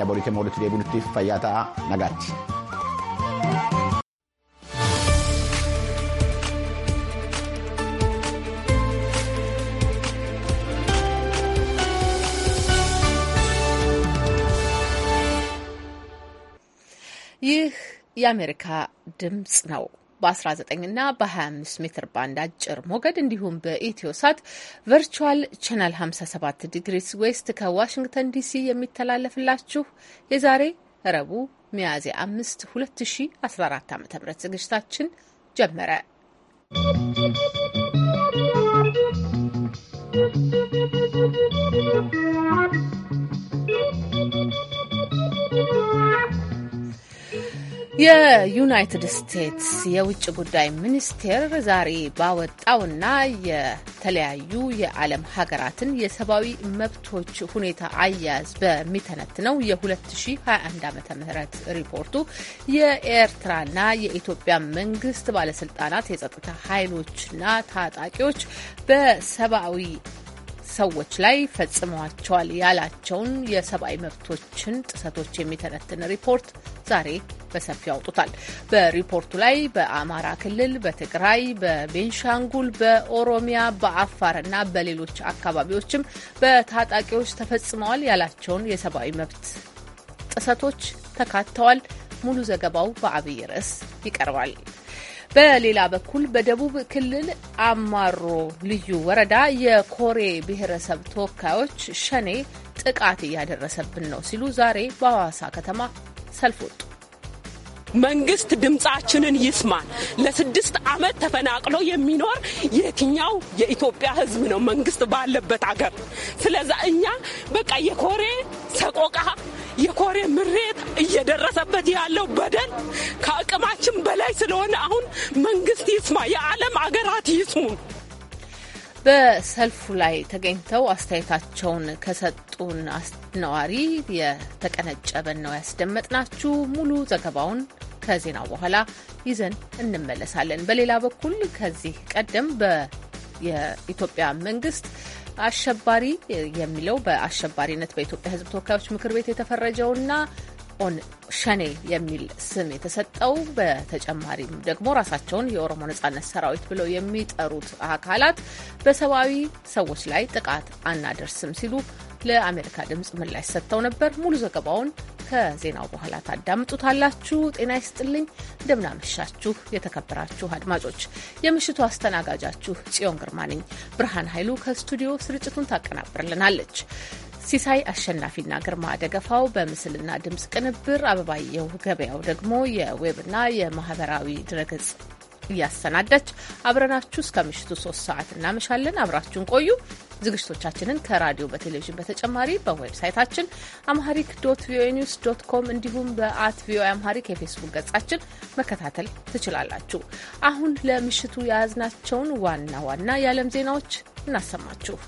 keenya bori kemmoo walitti deebiinutti fayyaa ta'a nagaatti. ይህ የአሜሪካ ድምጽ ነው። በ19 እና በ25 ሜትር ባንድ አጭር ሞገድ እንዲሁም በኢትዮ ሳት ቨርቹዋል ቻናል 57 ዲግሪስ ዌስት ከዋሽንግተን ዲሲ የሚተላለፍላችሁ የዛሬ ረቡ ሚያዝያ 5 2014 ዓ ም ዝግጅታችን ጀመረ። የዩናይትድ ስቴትስ የውጭ ጉዳይ ሚኒስቴር ዛሬ ባወጣውና የተለያዩ የዓለም ሀገራትን የሰብአዊ መብቶች ሁኔታ አያያዝ በሚተነትነው የ2021 ዓ ም ሪፖርቱ የኤርትራና የኢትዮጵያ መንግስት ባለስልጣናት የጸጥታ ኃይሎችና ታጣቂዎች በሰብአዊ ሰዎች ላይ ፈጽመዋቸዋል ያላቸውን የሰብአዊ መብቶችን ጥሰቶች የሚተነትን ሪፖርት ዛሬ በሰፊው አውጡታል። በሪፖርቱ ላይ በአማራ ክልል፣ በትግራይ፣ በቤንሻንጉል፣ በኦሮሚያ፣ በአፋርና በሌሎች አካባቢዎችም በታጣቂዎች ተፈጽመዋል ያላቸውን የሰብአዊ መብት ጥሰቶች ተካተዋል። ሙሉ ዘገባው በአብይ ርዕስ ይቀርባል። በሌላ በኩል በደቡብ ክልል አማሮ ልዩ ወረዳ የኮሬ ብሔረሰብ ተወካዮች ሸኔ ጥቃት እያደረሰብን ነው ሲሉ ዛሬ በሐዋሳ ከተማ ሰልፍ ወጡ። መንግስት ድምፃችንን ይስማል። ለስድስት ዓመት ተፈናቅሎ የሚኖር የትኛው የኢትዮጵያ ሕዝብ ነው መንግስት ባለበት አገር። ስለዛ እኛ በቃ የኮሬ ሰቆቃ የኮሬ ምሬት እየደረሰበት ያለው በደል ከአቅማችን በላይ ስለሆነ አሁን መንግስት ይስማ፣ የዓለም አገራት ይስሙ። በሰልፉ ላይ ተገኝተው አስተያየታቸውን ከሰጡን ነዋሪ የተቀነጨበን ነው ያስደመጥናችሁ። ሙሉ ዘገባውን ከዜናው በኋላ ይዘን እንመለሳለን። በሌላ በኩል ከዚህ ቀደም በ የኢትዮጵያ መንግስት አሸባሪ የሚለው በአሸባሪነት በኢትዮጵያ ሕዝብ ተወካዮች ምክር ቤት የተፈረጀውና ኦን ሸኔ የሚል ስም የተሰጠው በተጨማሪም ደግሞ ራሳቸውን የኦሮሞ ነጻነት ሰራዊት ብለው የሚጠሩት አካላት በሰብአዊ ሰዎች ላይ ጥቃት አናደርስም ሲሉ ለአሜሪካ ድምፅ ምላሽ ሰጥተው ነበር። ሙሉ ዘገባውን ከዜናው በኋላ ታዳምጡታላችሁ። ጤና ይስጥልኝ፣ እንደምናመሻችሁ የተከበራችሁ አድማጮች። የምሽቱ አስተናጋጃችሁ ጽዮን ግርማ ነኝ። ብርሃን ኃይሉ ከስቱዲዮ ስርጭቱን ታቀናብርልናለች። ሲሳይ አሸናፊና ግርማ ደገፋው በምስልና ድምፅ ቅንብር፣ አበባየሁ ገበያው ደግሞ የዌብና የማህበራዊ ድረገጽ እያሰናዳች አብረናችሁ እስከ ምሽቱ ሶስት ሰዓት እናመሻለን። አብራችሁን ቆዩ። ዝግጅቶቻችንን ከራዲዮ በቴሌቪዥን በተጨማሪ በዌብሳይታችን አምሃሪክ ዶት ቪኦኤ ኒውስ ዶት ኮም እንዲሁም በአት ቪኦኤ አምሃሪክ የፌስቡክ ገጻችን መከታተል ትችላላችሁ። አሁን ለምሽቱ የያዝናቸውን ዋና ዋና የዓለም ዜናዎች እናሰማችሁ።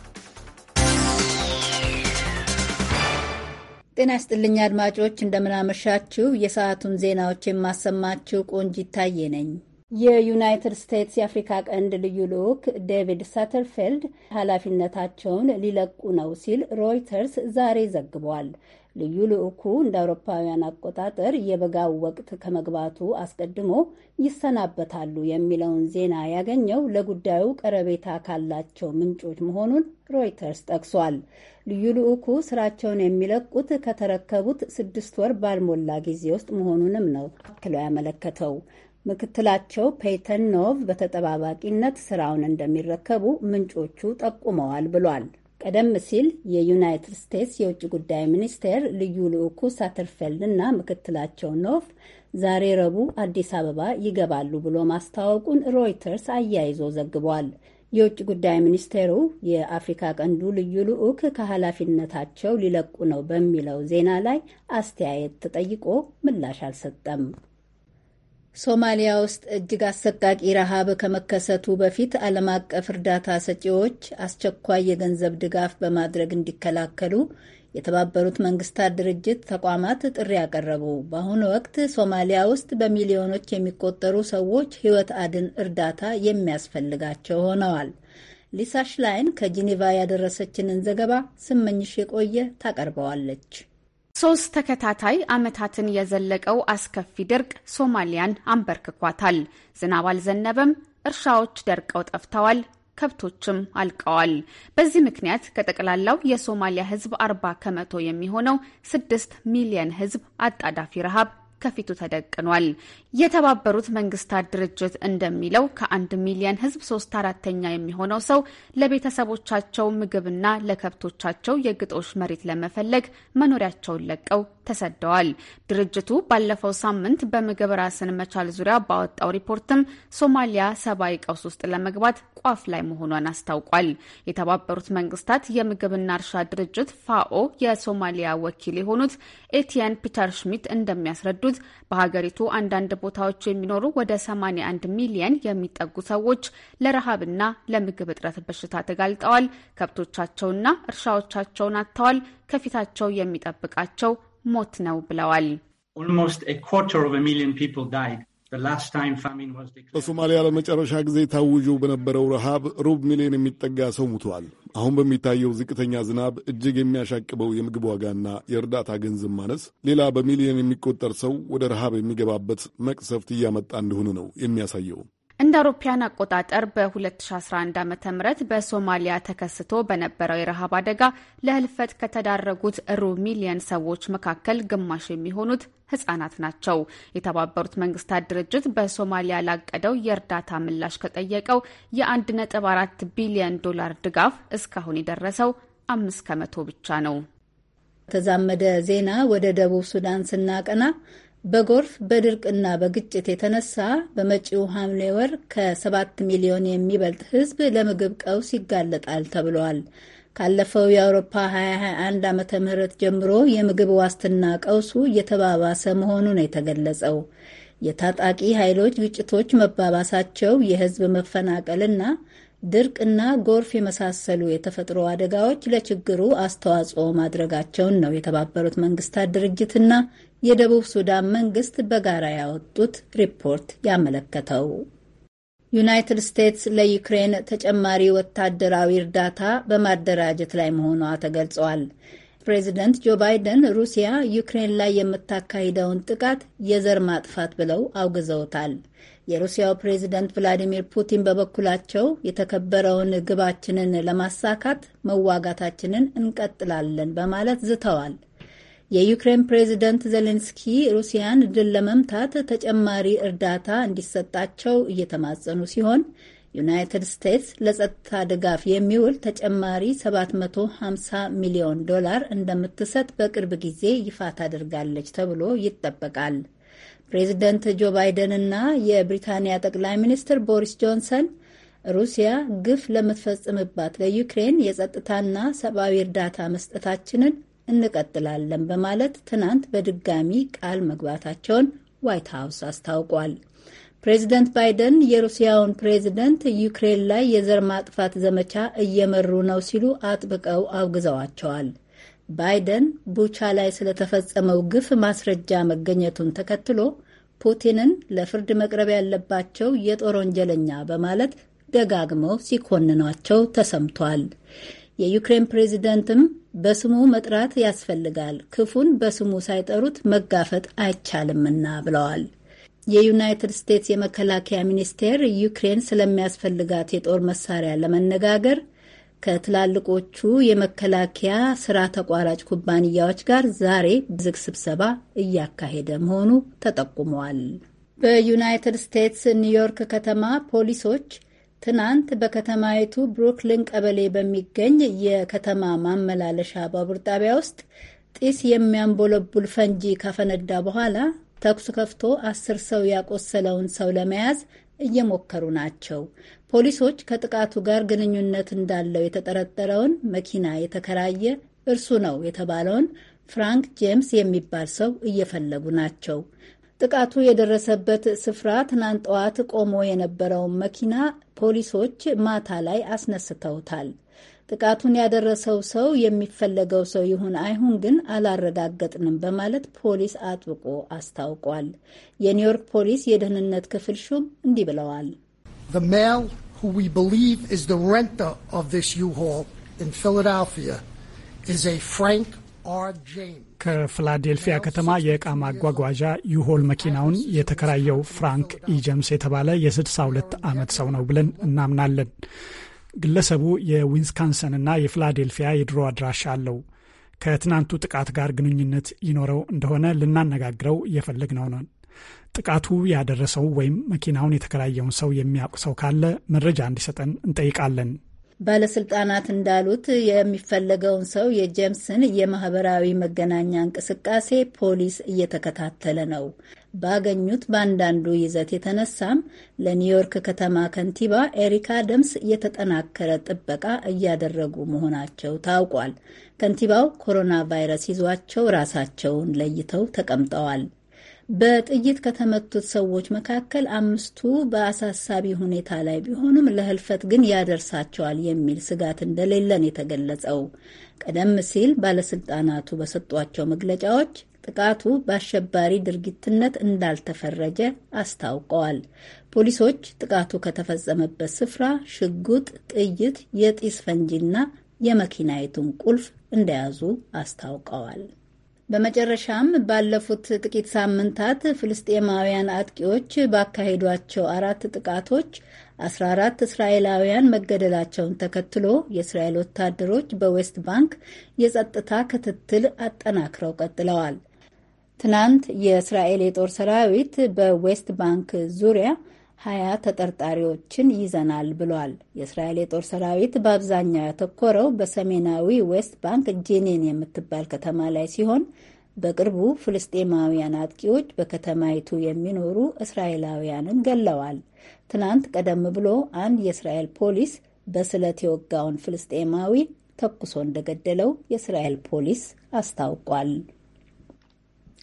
ጤና ይስጥልኝ አድማጮች፣ እንደምናመሻችሁ። የሰዓቱን ዜናዎች የማሰማችሁ ቆንጂት ታዬ ነኝ። የዩናይትድ ስቴትስ የአፍሪካ ቀንድ ልዩ ልዑክ ዴቪድ ሳተርፌልድ ኃላፊነታቸውን ሊለቁ ነው ሲል ሮይተርስ ዛሬ ዘግቧል። ልዩ ልዑኩ እንደ አውሮፓውያን አቆጣጠር የበጋው ወቅት ከመግባቱ አስቀድሞ ይሰናበታሉ የሚለውን ዜና ያገኘው ለጉዳዩ ቀረቤታ ካላቸው ምንጮች መሆኑን ሮይተርስ ጠቅሷል። ልዩ ልዑኩ ስራቸውን የሚለቁት ከተረከቡት ስድስት ወር ባልሞላ ጊዜ ውስጥ መሆኑንም ነው አክለው ያመለከተው። ምክትላቸው ፔተን ኖቭ በተጠባባቂነት ስራውን እንደሚረከቡ ምንጮቹ ጠቁመዋል ብሏል። ቀደም ሲል የዩናይትድ ስቴትስ የውጭ ጉዳይ ሚኒስቴር ልዩ ልዑኩ ሳተርፌልድ እና ምክትላቸው ኖፍ ዛሬ ረቡዕ አዲስ አበባ ይገባሉ ብሎ ማስታወቁን ሮይተርስ አያይዞ ዘግቧል። የውጭ ጉዳይ ሚኒስቴሩ የአፍሪካ ቀንዱ ልዩ ልዑክ ከኃላፊነታቸው ሊለቁ ነው በሚለው ዜና ላይ አስተያየት ተጠይቆ ምላሽ አልሰጠም። ሶማሊያ ውስጥ እጅግ አሰቃቂ ረሃብ ከመከሰቱ በፊት ዓለም አቀፍ እርዳታ ሰጪዎች አስቸኳይ የገንዘብ ድጋፍ በማድረግ እንዲከላከሉ የተባበሩት መንግስታት ድርጅት ተቋማት ጥሪ ያቀረቡ። በአሁኑ ወቅት ሶማሊያ ውስጥ በሚሊዮኖች የሚቆጠሩ ሰዎች ሕይወት አድን እርዳታ የሚያስፈልጋቸው ሆነዋል። ሊሳ ሽላይን ከጂኒቫ ያደረሰችንን ዘገባ ስመኝሽ የቆየ ታቀርበዋለች። ሶስት ተከታታይ ዓመታትን የዘለቀው አስከፊ ድርቅ ሶማሊያን አንበርክኳታል። ዝናብ አልዘነበም፣ እርሻዎች ደርቀው ጠፍተዋል፣ ከብቶችም አልቀዋል። በዚህ ምክንያት ከጠቅላላው የሶማሊያ ሕዝብ አርባ ከመቶ የሚሆነው ስድስት ሚሊየን ሕዝብ አጣዳፊ ረሃብ ከፊቱ ተደቅኗል። የተባበሩት መንግስታት ድርጅት እንደሚለው ከአንድ ሚሊየን ህዝብ ሶስት አራተኛ የሚሆነው ሰው ለቤተሰቦቻቸው ምግብና ለከብቶቻቸው የግጦሽ መሬት ለመፈለግ መኖሪያቸውን ለቀው ተሰደዋል። ድርጅቱ ባለፈው ሳምንት በምግብ ራስን መቻል ዙሪያ ባወጣው ሪፖርትም ሶማሊያ ሰብአዊ ቀውስ ውስጥ ለመግባት ቋፍ ላይ መሆኗን አስታውቋል። የተባበሩት መንግስታት የምግብና እርሻ ድርጅት ፋኦ የሶማሊያ ወኪል የሆኑት ኤቲየን ፒተር ሽሚት እንደሚያስረዱት በሀገሪቱ አንዳንድ ቦታዎቹ የሚኖሩ ወደ 81 ሚሊየን የሚጠጉ ሰዎች ለረሃብና ለምግብ እጥረት በሽታ ተጋልጠዋል። ከብቶቻቸውና እርሻዎቻቸውን አጥተዋል። ከፊታቸው የሚጠብቃቸው ሞት ነው ብለዋል። ኦልሞስት ኤ ኳርተር ኦፍ ኤ ሚሊየን ፒፕል ዳይድ በሶማሊያ ለመጨረሻ ጊዜ ታውጆ በነበረው ረሃብ ሩብ ሚሊዮን የሚጠጋ ሰው ሙቷል። አሁን በሚታየው ዝቅተኛ ዝናብ፣ እጅግ የሚያሻቅበው የምግብ ዋጋና የእርዳታ ገንዘብ ማነስ ሌላ በሚሊዮን የሚቆጠር ሰው ወደ ረሃብ የሚገባበት መቅሰፍት እያመጣ እንደሆነ ነው የሚያሳየው። እንደ አውሮፓያን አቆጣጠር በ2011 ዓ ም በሶማሊያ ተከስቶ በነበረው የረሃብ አደጋ ለህልፈት ከተዳረጉት ሩብ ሚሊየን ሰዎች መካከል ግማሽ የሚሆኑት ህጻናት ናቸው። የተባበሩት መንግስታት ድርጅት በሶማሊያ ላቀደው የእርዳታ ምላሽ ከጠየቀው የ1.4 ቢሊዮን ዶላር ድጋፍ እስካሁን የደረሰው አምስት ከመቶ ብቻ ነው። ተዛመደ ዜና ወደ ደቡብ ሱዳን ስናቀና በጎርፍ በድርቅና በግጭት የተነሳ በመጪው ሐምሌ ወር ከ7 ሚሊዮን የሚበልጥ ህዝብ ለምግብ ቀውስ ይጋለጣል ተብሏል። ካለፈው የአውሮፓ 2021 ዓመተ ምህረት ጀምሮ የምግብ ዋስትና ቀውሱ እየተባባሰ መሆኑ ነው የተገለጸው። የታጣቂ ኃይሎች ግጭቶች መባባሳቸው፣ የህዝብ መፈናቀልና ድርቅና ጎርፍ የመሳሰሉ የተፈጥሮ አደጋዎች ለችግሩ አስተዋጽኦ ማድረጋቸውን ነው የተባበሩት መንግስታት ድርጅትና የደቡብ ሱዳን መንግስት በጋራ ያወጡት ሪፖርት ያመለከተው። ዩናይትድ ስቴትስ ለዩክሬን ተጨማሪ ወታደራዊ እርዳታ በማደራጀት ላይ መሆኗ ተገልጿል። ፕሬዚደንት ጆ ባይደን ሩሲያ ዩክሬን ላይ የምታካሂደውን ጥቃት የዘር ማጥፋት ብለው አውግዘውታል። የሩሲያው ፕሬዚደንት ቭላዲሚር ፑቲን በበኩላቸው የተከበረውን ግባችንን ለማሳካት መዋጋታችንን እንቀጥላለን በማለት ዝተዋል። የዩክሬን ፕሬዝደንት ዜሌንስኪ ሩሲያን ድል ለመምታት ተጨማሪ እርዳታ እንዲሰጣቸው እየተማጸኑ ሲሆን ዩናይትድ ስቴትስ ለጸጥታ ድጋፍ የሚውል ተጨማሪ 750 ሚሊዮን ዶላር እንደምትሰጥ በቅርብ ጊዜ ይፋ ታደርጋለች ተብሎ ይጠበቃል። ፕሬዚደንት ጆ ባይደን እና የብሪታንያ ጠቅላይ ሚኒስትር ቦሪስ ጆንሰን ሩሲያ ግፍ ለምትፈጽምባት ለዩክሬን የጸጥታና ሰብአዊ እርዳታ መስጠታችንን እንቀጥላለን በማለት ትናንት በድጋሚ ቃል መግባታቸውን ዋይት ሀውስ አስታውቋል። ፕሬዚደንት ባይደን የሩሲያውን ፕሬዚደንት ዩክሬን ላይ የዘር ማጥፋት ዘመቻ እየመሩ ነው ሲሉ አጥብቀው አውግዘዋቸዋል። ባይደን ቡቻ ላይ ስለተፈጸመው ግፍ ማስረጃ መገኘቱን ተከትሎ ፑቲንን ለፍርድ መቅረብ ያለባቸው የጦር ወንጀለኛ በማለት ደጋግመው ሲኮንኗቸው ተሰምቷል። የዩክሬን ፕሬዚደንትም በስሙ መጥራት ያስፈልጋል፣ ክፉን በስሙ ሳይጠሩት መጋፈጥ አይቻልምና ብለዋል። የዩናይትድ ስቴትስ የመከላከያ ሚኒስቴር ዩክሬን ስለሚያስፈልጋት የጦር መሳሪያ ለመነጋገር ከትላልቆቹ የመከላከያ ስራ ተቋራጭ ኩባንያዎች ጋር ዛሬ ዝግ ስብሰባ እያካሄደ መሆኑ ተጠቁመዋል። በዩናይትድ ስቴትስ ኒውዮርክ ከተማ ፖሊሶች ትናንት በከተማይቱ ብሩክሊን ቀበሌ በሚገኝ የከተማ ማመላለሻ ባቡር ጣቢያ ውስጥ ጢስ የሚያንቦለቡል ፈንጂ ካፈነዳ በኋላ ተኩስ ከፍቶ አስር ሰው ያቆሰለውን ሰው ለመያዝ እየሞከሩ ናቸው። ፖሊሶች ከጥቃቱ ጋር ግንኙነት እንዳለው የተጠረጠረውን መኪና የተከራየ እርሱ ነው የተባለውን ፍራንክ ጄምስ የሚባል ሰው እየፈለጉ ናቸው። ጥቃቱ የደረሰበት ስፍራ ትናንት ጠዋት ቆሞ የነበረውን መኪና ፖሊሶች ማታ ላይ አስነስተውታል። ጥቃቱን ያደረሰው ሰው የሚፈለገው ሰው ይሁን አይሁን ግን አላረጋገጥንም በማለት ፖሊስ አጥብቆ አስታውቋል። የኒውዮርክ ፖሊስ የደህንነት ክፍል ሹም እንዲህ ብለዋል። ከፊላዴልፊያ ከተማ የእቃ ማጓጓዣ ዩሆል መኪናውን የተከራየው ፍራንክ ኢጀምስ የተባለ የ62 ዓመት ሰው ነው ብለን እናምናለን። ግለሰቡ የዊስካንሰንና የፊላዴልፊያ የድሮ አድራሻ አለው። ከትናንቱ ጥቃት ጋር ግንኙነት ይኖረው እንደሆነ ልናነጋግረው እየፈለግነው ነው። ጥቃቱ ያደረሰው ወይም መኪናውን የተከራየውን ሰው የሚያውቅ ሰው ካለ መረጃ እንዲሰጠን እንጠይቃለን። ባለስልጣናት እንዳሉት የሚፈለገውን ሰው የጄምስን የማህበራዊ መገናኛ እንቅስቃሴ ፖሊስ እየተከታተለ ነው። ባገኙት በአንዳንዱ ይዘት የተነሳም ለኒውዮርክ ከተማ ከንቲባ ኤሪክ አደምስ የተጠናከረ ጥበቃ እያደረጉ መሆናቸው ታውቋል። ከንቲባው ኮሮና ቫይረስ ይዟቸው ራሳቸውን ለይተው ተቀምጠዋል። በጥይት ከተመቱት ሰዎች መካከል አምስቱ በአሳሳቢ ሁኔታ ላይ ቢሆኑም ለህልፈት ግን ያደርሳቸዋል የሚል ስጋት እንደሌለን የተገለጸው ቀደም ሲል ባለስልጣናቱ በሰጧቸው መግለጫዎች ጥቃቱ በአሸባሪ ድርጊትነት እንዳልተፈረጀ አስታውቀዋል። ፖሊሶች ጥቃቱ ከተፈጸመበት ስፍራ ሽጉጥ፣ ጥይት፣ የጢስ ፈንጂና የመኪናይቱን ቁልፍ እንደያዙ አስታውቀዋል። በመጨረሻም ባለፉት ጥቂት ሳምንታት ፍልስጤማውያን አጥቂዎች ባካሄዷቸው አራት ጥቃቶች 14 እስራኤላውያን መገደላቸውን ተከትሎ የእስራኤል ወታደሮች በዌስት ባንክ የጸጥታ ክትትል አጠናክረው ቀጥለዋል። ትናንት የእስራኤል የጦር ሰራዊት በዌስት ባንክ ዙሪያ ሀያ ተጠርጣሪዎችን ይዘናል ብሏል። የእስራኤል የጦር ሰራዊት በአብዛኛው ያተኮረው በሰሜናዊ ዌስት ባንክ ጄኔን የምትባል ከተማ ላይ ሲሆን በቅርቡ ፍልስጤማውያን አጥቂዎች በከተማይቱ የሚኖሩ እስራኤላውያንን ገለዋል። ትናንት ቀደም ብሎ አንድ የእስራኤል ፖሊስ በስለት የወጋውን ፍልስጤማዊ ተኩሶ እንደገደለው የእስራኤል ፖሊስ አስታውቋል።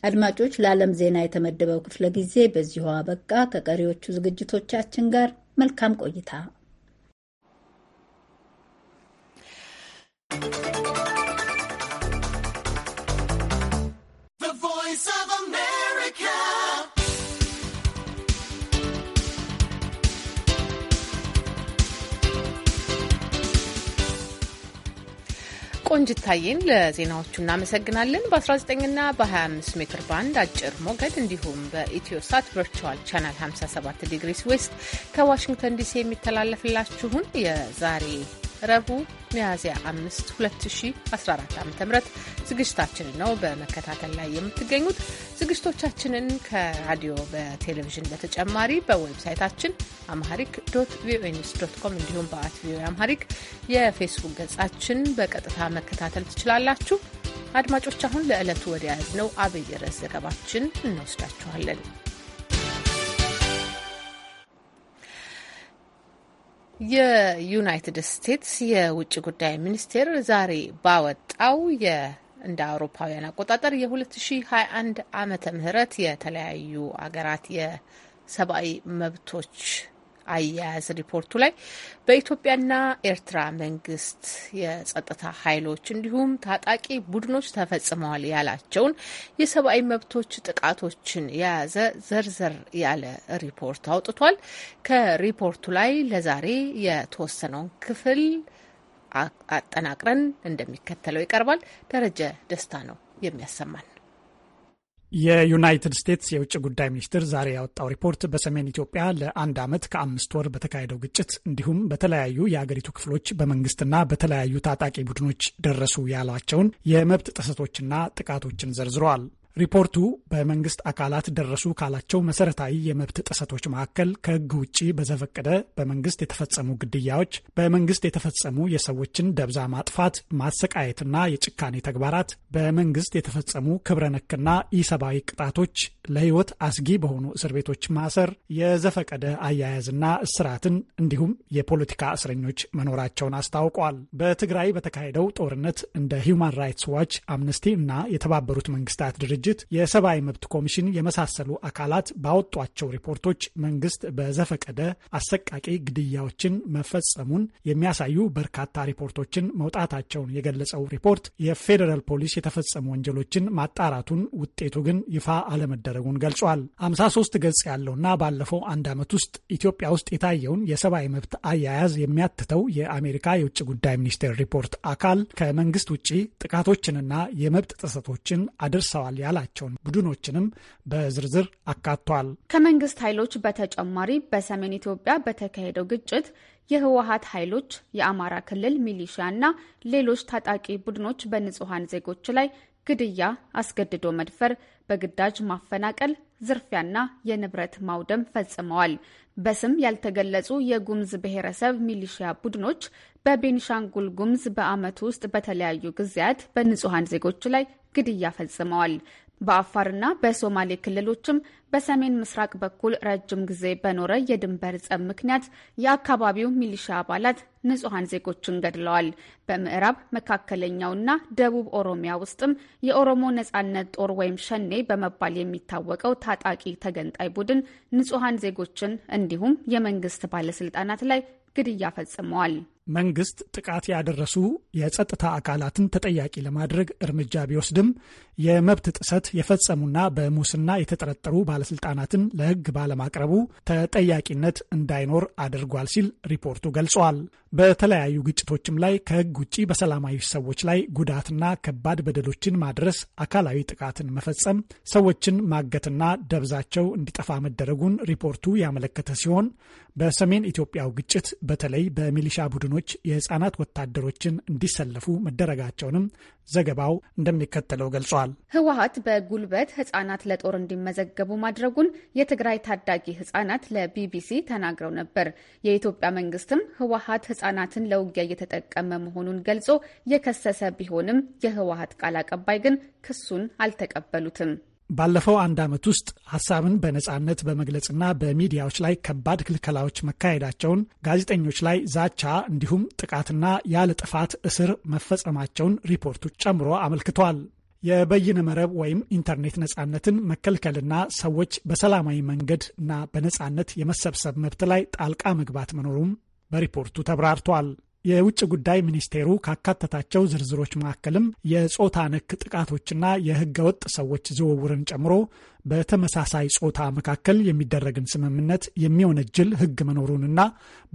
አድማጮች፣ ለዓለም ዜና የተመደበው ክፍለ ጊዜ በዚሁ አበቃ። ከቀሪዎቹ ዝግጅቶቻችን ጋር መልካም ቆይታ። ቆንጅታዬን ለዜናዎቹ እናመሰግናለን። በ19ና በ25 ሜትር ባንድ አጭር ሞገድ እንዲሁም በኢትዮ ሳት ቨርቹዋል ቻናል 57 ዲግሪስ ዌስት ከዋሽንግተን ዲሲ የሚተላለፍላችሁን የዛሬ ረቡዕ ሚያዝያ 5 2014 ዓ ም ዝግጅታችንን ነው በመከታተል ላይ የምትገኙት። ዝግጅቶቻችንን ከራዲዮ በቴሌቪዥን በተጨማሪ በዌብሳይታችን አምሃሪክ ዶት ቪኦኤ ኒውስ ዶት ኮም እንዲሁም በአት ቪኦኤ አምሃሪክ የፌስቡክ ገጻችን በቀጥታ መከታተል ትችላላችሁ። አድማጮች አሁን ለዕለቱ ወደ ያዝነው አብይ ርዕስ ዘገባችን እንወስዳችኋለን። የዩናይትድ ስቴትስ የውጭ ጉዳይ ሚኒስቴር ዛሬ ባወጣው የ እንደ አውሮፓውያን አቆጣጠር የ2021 ዓመተ ምህረት የተለያዩ አገራት የሰብአዊ መብቶች አያያዝ ሪፖርቱ ላይ በኢትዮጵያና ኤርትራ መንግስት የጸጥታ ኃይሎች እንዲሁም ታጣቂ ቡድኖች ተፈጽመዋል ያላቸውን የሰብአዊ መብቶች ጥቃቶችን የያዘ ዘርዘር ያለ ሪፖርት አውጥቷል። ከሪፖርቱ ላይ ለዛሬ የተወሰነውን ክፍል አጠናቅረን እንደሚከተለው ይቀርባል። ደረጀ ደስታ ነው የሚያሰማን። የዩናይትድ ስቴትስ የውጭ ጉዳይ ሚኒስትር ዛሬ ያወጣው ሪፖርት በሰሜን ኢትዮጵያ ለአንድ ዓመት ከአምስት ወር በተካሄደው ግጭት እንዲሁም በተለያዩ የአገሪቱ ክፍሎች በመንግስትና በተለያዩ ታጣቂ ቡድኖች ደረሱ ያሏቸውን የመብት ጥሰቶችና ጥቃቶችን ዘርዝረዋል። ሪፖርቱ በመንግስት አካላት ደረሱ ካላቸው መሰረታዊ የመብት ጥሰቶች መካከል ከህግ ውጭ በዘፈቀደ በመንግስት የተፈጸሙ ግድያዎች፣ በመንግስት የተፈጸሙ የሰዎችን ደብዛ ማጥፋት፣ ማሰቃየትና የጭካኔ ተግባራት፣ በመንግስት የተፈጸሙ ክብረነክና ኢሰብአዊ ቅጣቶች፣ ለህይወት አስጊ በሆኑ እስር ቤቶች ማሰር፣ የዘፈቀደ አያያዝና እስራትን እንዲሁም የፖለቲካ እስረኞች መኖራቸውን አስታውቋል። በትግራይ በተካሄደው ጦርነት እንደ ሂውማን ራይትስ ዋች፣ አምነስቲ እና የተባበሩት መንግስታት ድርጅት ድርጅት፣ የሰብአዊ መብት ኮሚሽን የመሳሰሉ አካላት ባወጧቸው ሪፖርቶች መንግስት በዘፈቀደ አሰቃቂ ግድያዎችን መፈጸሙን የሚያሳዩ በርካታ ሪፖርቶችን መውጣታቸውን የገለጸው ሪፖርት የፌዴራል ፖሊስ የተፈጸሙ ወንጀሎችን ማጣራቱን ውጤቱ ግን ይፋ አለመደረጉን ገልጿል። 53 ገጽ ያለውና ባለፈው አንድ ዓመት ውስጥ ኢትዮጵያ ውስጥ የታየውን የሰብአዊ መብት አያያዝ የሚያትተው የአሜሪካ የውጭ ጉዳይ ሚኒስቴር ሪፖርት አካል ከመንግስት ውጭ ጥቃቶችንና የመብት ጥሰቶችን አድርሰዋል ያላቸውን ቡድኖችንም በዝርዝር አካቷል። ከመንግስት ኃይሎች በተጨማሪ በሰሜን ኢትዮጵያ በተካሄደው ግጭት የህወሀት ኃይሎች የአማራ ክልል እና ሌሎች ታጣቂ ቡድኖች በንጹሐን ዜጎች ላይ ግድያ፣ አስገድዶ መድፈር፣ በግዳጅ ማፈናቀል፣ ዝርፊያና የንብረት ማውደም ፈጽመዋል። በስም ያልተገለጹ የጉምዝ ብሔረሰብ ሚሊሺያ ቡድኖች በቤኒሻንጉል ጉምዝ በዓመቱ ውስጥ በተለያዩ ጊዜያት በንጹሐን ዜጎች ላይ ግድያ ፈጽመዋል። በአፋርና በሶማሌ ክልሎችም በሰሜን ምስራቅ በኩል ረጅም ጊዜ በኖረ የድንበር ጸብ ምክንያት የአካባቢው ሚሊሻ አባላት ንጹሐን ዜጎችን ገድለዋል። በምዕራብ መካከለኛውና ደቡብ ኦሮሚያ ውስጥም የኦሮሞ ነጻነት ጦር ወይም ሸኔ በመባል የሚታወቀው ታጣቂ ተገንጣይ ቡድን ንጹሐን ዜጎችን እንዲሁም የመንግስት ባለስልጣናት ላይ ግድያ ፈጽመዋል። መንግስት ጥቃት ያደረሱ የጸጥታ አካላትን ተጠያቂ ለማድረግ እርምጃ ቢወስድም የመብት ጥሰት የፈጸሙና በሙስና የተጠረጠሩ ባለስልጣናትን ለሕግ ባለማቅረቡ ተጠያቂነት እንዳይኖር አድርጓል ሲል ሪፖርቱ ገልጿል። በተለያዩ ግጭቶችም ላይ ከህግ ውጭ በሰላማዊ ሰዎች ላይ ጉዳትና ከባድ በደሎችን ማድረስ፣ አካላዊ ጥቃትን መፈጸም፣ ሰዎችን ማገትና ደብዛቸው እንዲጠፋ መደረጉን ሪፖርቱ ያመለከተ ሲሆን በሰሜን ኢትዮጵያው ግጭት በተለይ በሚሊሻ ቡድኖች የህፃናት ወታደሮችን እንዲሰለፉ መደረጋቸውንም ዘገባው እንደሚከተለው ገልጿል። ህወሀት በጉልበት ህጻናት ለጦር እንዲመዘገቡ ማድረጉን የትግራይ ታዳጊ ህጻናት ለቢቢሲ ተናግረው ነበር። የኢትዮጵያ መንግስትም ህወሀት ህጻናትን ለውጊያ እየተጠቀመ መሆኑን ገልጾ የከሰሰ ቢሆንም የህወሀት ቃል አቀባይ ግን ክሱን አልተቀበሉትም። ባለፈው አንድ ዓመት ውስጥ ሀሳብን በነጻነት በመግለጽና በሚዲያዎች ላይ ከባድ ክልከላዎች መካሄዳቸውን፣ ጋዜጠኞች ላይ ዛቻ እንዲሁም ጥቃትና ያለ ጥፋት እስር መፈጸማቸውን ሪፖርቱ ጨምሮ አመልክቷል። የበይነ መረብ ወይም ኢንተርኔት ነጻነትን መከልከልና ሰዎች በሰላማዊ መንገድ እና በነጻነት የመሰብሰብ መብት ላይ ጣልቃ መግባት መኖሩም በሪፖርቱ ተብራርቷል። የውጭ ጉዳይ ሚኒስቴሩ ካካተታቸው ዝርዝሮች መካከልም የጾታ ነክ ጥቃቶችና የህገወጥ ሰዎች ዝውውርን ጨምሮ በተመሳሳይ ጾታ መካከል የሚደረግን ስምምነት የሚወነጅል ሕግ መኖሩንና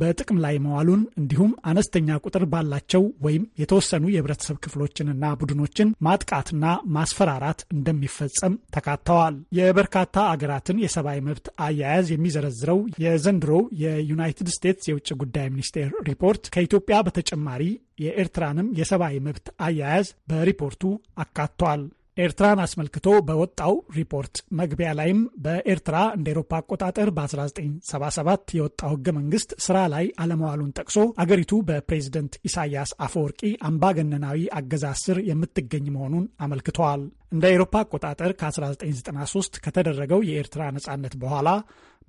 በጥቅም ላይ መዋሉን እንዲሁም አነስተኛ ቁጥር ባላቸው ወይም የተወሰኑ የህብረተሰብ ክፍሎችንና ቡድኖችን ማጥቃትና ማስፈራራት እንደሚፈጸም ተካተዋል። የበርካታ አገራትን የሰብአዊ መብት አያያዝ የሚዘረዝረው የዘንድሮው የዩናይትድ ስቴትስ የውጭ ጉዳይ ሚኒስቴር ሪፖርት ከኢትዮጵያ በተጨማሪ የኤርትራንም የሰብአዊ መብት አያያዝ በሪፖርቱ አካቷል። ኤርትራን አስመልክቶ በወጣው ሪፖርት መግቢያ ላይም በኤርትራ እንደ ኤሮፓ አቆጣጠር በ1977 የወጣው ህገ መንግስት ስራ ላይ አለመዋሉን ጠቅሶ አገሪቱ በፕሬዝደንት ኢሳያስ አፈወርቂ አምባገነናዊ አገዛዝ ስር የምትገኝ መሆኑን አመልክተዋል። እንደ ኤሮፓ አቆጣጠር ከ1993 ከተደረገው የኤርትራ ነጻነት በኋላ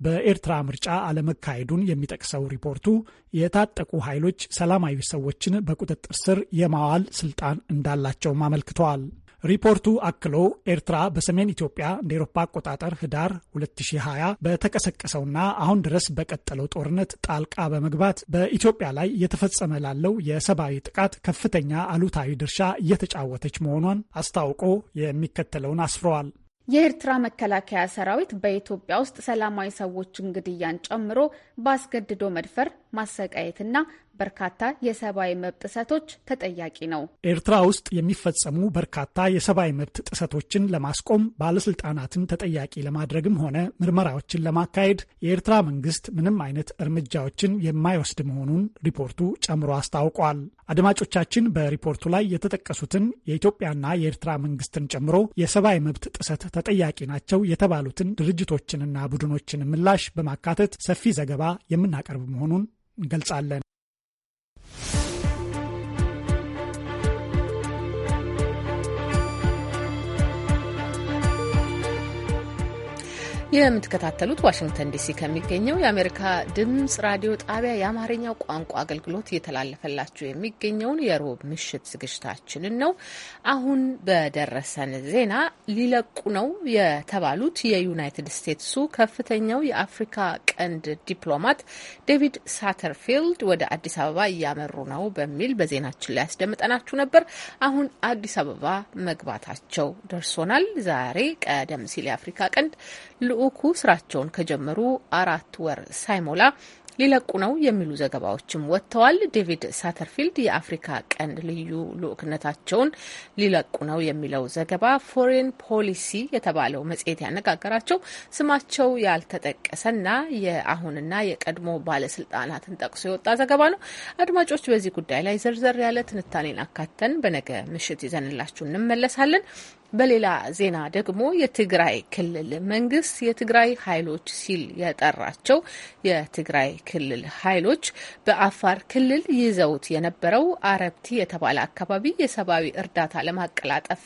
በኤርትራ ምርጫ አለመካሄዱን የሚጠቅሰው ሪፖርቱ የታጠቁ ኃይሎች ሰላማዊ ሰዎችን በቁጥጥር ስር የማዋል ስልጣን እንዳላቸውም አመልክተዋል። ሪፖርቱ አክሎ ኤርትራ በሰሜን ኢትዮጵያ እንደ ኤሮፓ አቆጣጠር ህዳር 2020 በተቀሰቀሰውና አሁን ድረስ በቀጠለው ጦርነት ጣልቃ በመግባት በኢትዮጵያ ላይ እየተፈጸመ ላለው የሰብአዊ ጥቃት ከፍተኛ አሉታዊ ድርሻ እየተጫወተች መሆኗን አስታውቆ የሚከተለውን አስፍረዋል። የኤርትራ መከላከያ ሰራዊት በኢትዮጵያ ውስጥ ሰላማዊ ሰዎችን ግድያን ጨምሮ በአስገድዶ መድፈር ማሰቃየትና በርካታ የሰብአዊ መብት ጥሰቶች ተጠያቂ ነው። ኤርትራ ውስጥ የሚፈጸሙ በርካታ የሰብአዊ መብት ጥሰቶችን ለማስቆም ባለስልጣናትን ተጠያቂ ለማድረግም ሆነ ምርመራዎችን ለማካሄድ የኤርትራ መንግስት ምንም አይነት እርምጃዎችን የማይወስድ መሆኑን ሪፖርቱ ጨምሮ አስታውቋል። አድማጮቻችን በሪፖርቱ ላይ የተጠቀሱትን የኢትዮጵያና የኤርትራ መንግስትን ጨምሮ የሰብአዊ መብት ጥሰት ተጠያቂ ናቸው የተባሉትን ድርጅቶችንና ቡድኖችን ምላሽ በማካተት ሰፊ ዘገባ የምናቀርብ መሆኑን እንገልጻለን። የምትከታተሉት ዋሽንግተን ዲሲ ከሚገኘው የአሜሪካ ድምጽ ራዲዮ ጣቢያ የአማርኛው ቋንቋ አገልግሎት እየተላለፈላችሁ የሚገኘውን የሮብ ምሽት ዝግጅታችንን ነው። አሁን በደረሰን ዜና ሊለቁ ነው የተባሉት የዩናይትድ ስቴትሱ ከፍተኛው የአፍሪካ ቀንድ ዲፕሎማት ዴቪድ ሳተርፊልድ ወደ አዲስ አበባ እያመሩ ነው በሚል በዜናችን ላይ ያስደምጠናችሁ ነበር። አሁን አዲስ አበባ መግባታቸው ደርሶናል። ዛሬ ቀደም ሲል የአፍሪካ ቀንድ ልዑኩ ስራቸውን ከጀመሩ አራት ወር ሳይሞላ ሊለቁ ነው የሚሉ ዘገባዎችም ወጥተዋል። ዴቪድ ሳተርፊልድ የአፍሪካ ቀንድ ልዩ ልዑክነታቸውን ሊለቁ ነው የሚለው ዘገባ ፎሬን ፖሊሲ የተባለው መጽሔት ያነጋገራቸው ስማቸው ያልተጠቀሰና የአሁንና የቀድሞ ባለስልጣናትን ጠቅሶ የወጣ ዘገባ ነው። አድማጮች፣ በዚህ ጉዳይ ላይ ዘርዘር ያለ ትንታኔን አካተን በነገ ምሽት ይዘንላችሁ እንመለሳለን። በሌላ ዜና ደግሞ የትግራይ ክልል መንግስት የትግራይ ኃይሎች ሲል የጠራቸው የትግራይ ክልል ኃይሎች በአፋር ክልል ይዘውት የነበረው አረብቲ የተባለ አካባቢ የሰብአዊ እርዳታ ለማቀላጠፍ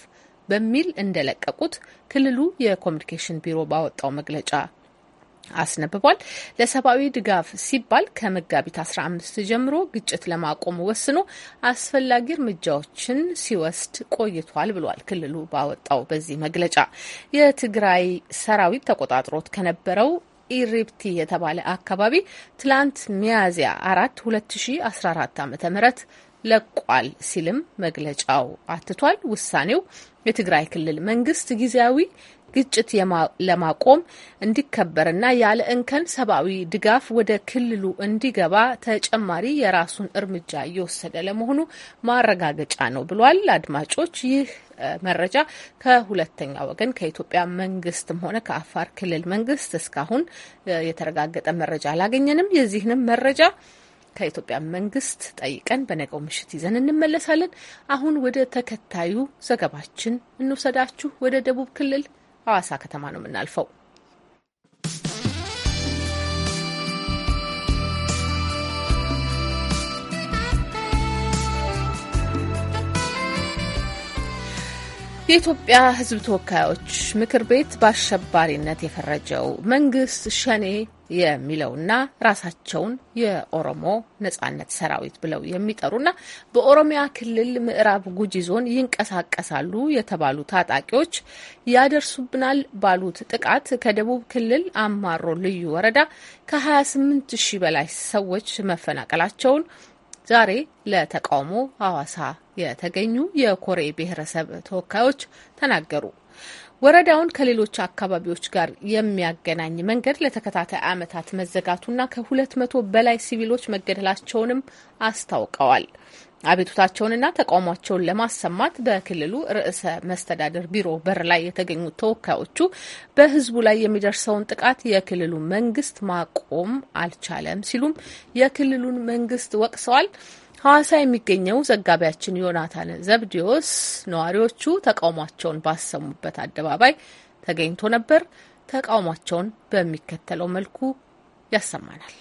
በሚል እንደለቀቁት ክልሉ የኮሚኒኬሽን ቢሮ ባወጣው መግለጫ አስነብቧል። ለሰብአዊ ድጋፍ ሲባል ከመጋቢት 15 ጀምሮ ግጭት ለማቆም ወስኖ አስፈላጊ እርምጃዎችን ሲወስድ ቆይቷል ብሏል። ክልሉ ባወጣው በዚህ መግለጫ የትግራይ ሰራዊት ተቆጣጥሮት ከነበረው ኢሪፕቲ የተባለ አካባቢ ትላንት ሚያዝያ አራት 2014 ዓ ም ለቋል ሲልም መግለጫው አትቷል። ውሳኔው የትግራይ ክልል መንግስት ጊዜያዊ ግጭት ለማቆም እንዲከበርና ያለ እንከን ሰብአዊ ድጋፍ ወደ ክልሉ እንዲገባ ተጨማሪ የራሱን እርምጃ እየወሰደ ለመሆኑ ማረጋገጫ ነው ብሏል። አድማጮች ይህ መረጃ ከሁለተኛ ወገን ከኢትዮጵያ መንግስትም ሆነ ከአፋር ክልል መንግስት እስካሁን የተረጋገጠ መረጃ አላገኘንም። የዚህንም መረጃ ከኢትዮጵያ መንግስት ጠይቀን በነገው ምሽት ይዘን እንመለሳለን። አሁን ወደ ተከታዩ ዘገባችን እንውሰዳችሁ ወደ ደቡብ ክልል ሐዋሳ ከተማ ነው የምናልፈው። የኢትዮጵያ ሕዝብ ተወካዮች ምክር ቤት በአሸባሪነት የፈረጀው መንግስት ሸኔ የሚለውና ራሳቸውን የኦሮሞ ነጻነት ሰራዊት ብለው የሚጠሩና በኦሮሚያ ክልል ምዕራብ ጉጂ ዞን ይንቀሳቀሳሉ የተባሉ ታጣቂዎች ያደርሱብናል ባሉት ጥቃት ከደቡብ ክልል አማሮ ልዩ ወረዳ ከ28 ሺህ በላይ ሰዎች መፈናቀላቸውን ዛሬ ለተቃውሞ ሐዋሳ የተገኙ የኮሬ ብሔረሰብ ተወካዮች ተናገሩ። ወረዳውን ከሌሎች አካባቢዎች ጋር የሚያገናኝ መንገድ ለተከታታይ ዓመታት መዘጋቱና ከሁለት መቶ በላይ ሲቪሎች መገደላቸውንም አስታውቀዋል። አቤቱታቸውንና ተቃውሟቸውን ለማሰማት በክልሉ ርዕሰ መስተዳደር ቢሮ በር ላይ የተገኙት ተወካዮቹ በህዝቡ ላይ የሚደርሰውን ጥቃት የክልሉ መንግስት ማቆም አልቻለም ሲሉም የክልሉን መንግስት ወቅሰዋል። ሐዋሳ የሚገኘው ዘጋቢያችን ዮናታን ዘብዲዮስ ነዋሪዎቹ ተቃውሟቸውን ባሰሙበት አደባባይ ተገኝቶ ነበር። ተቃውሟቸውን በሚከተለው መልኩ ያሰማናል።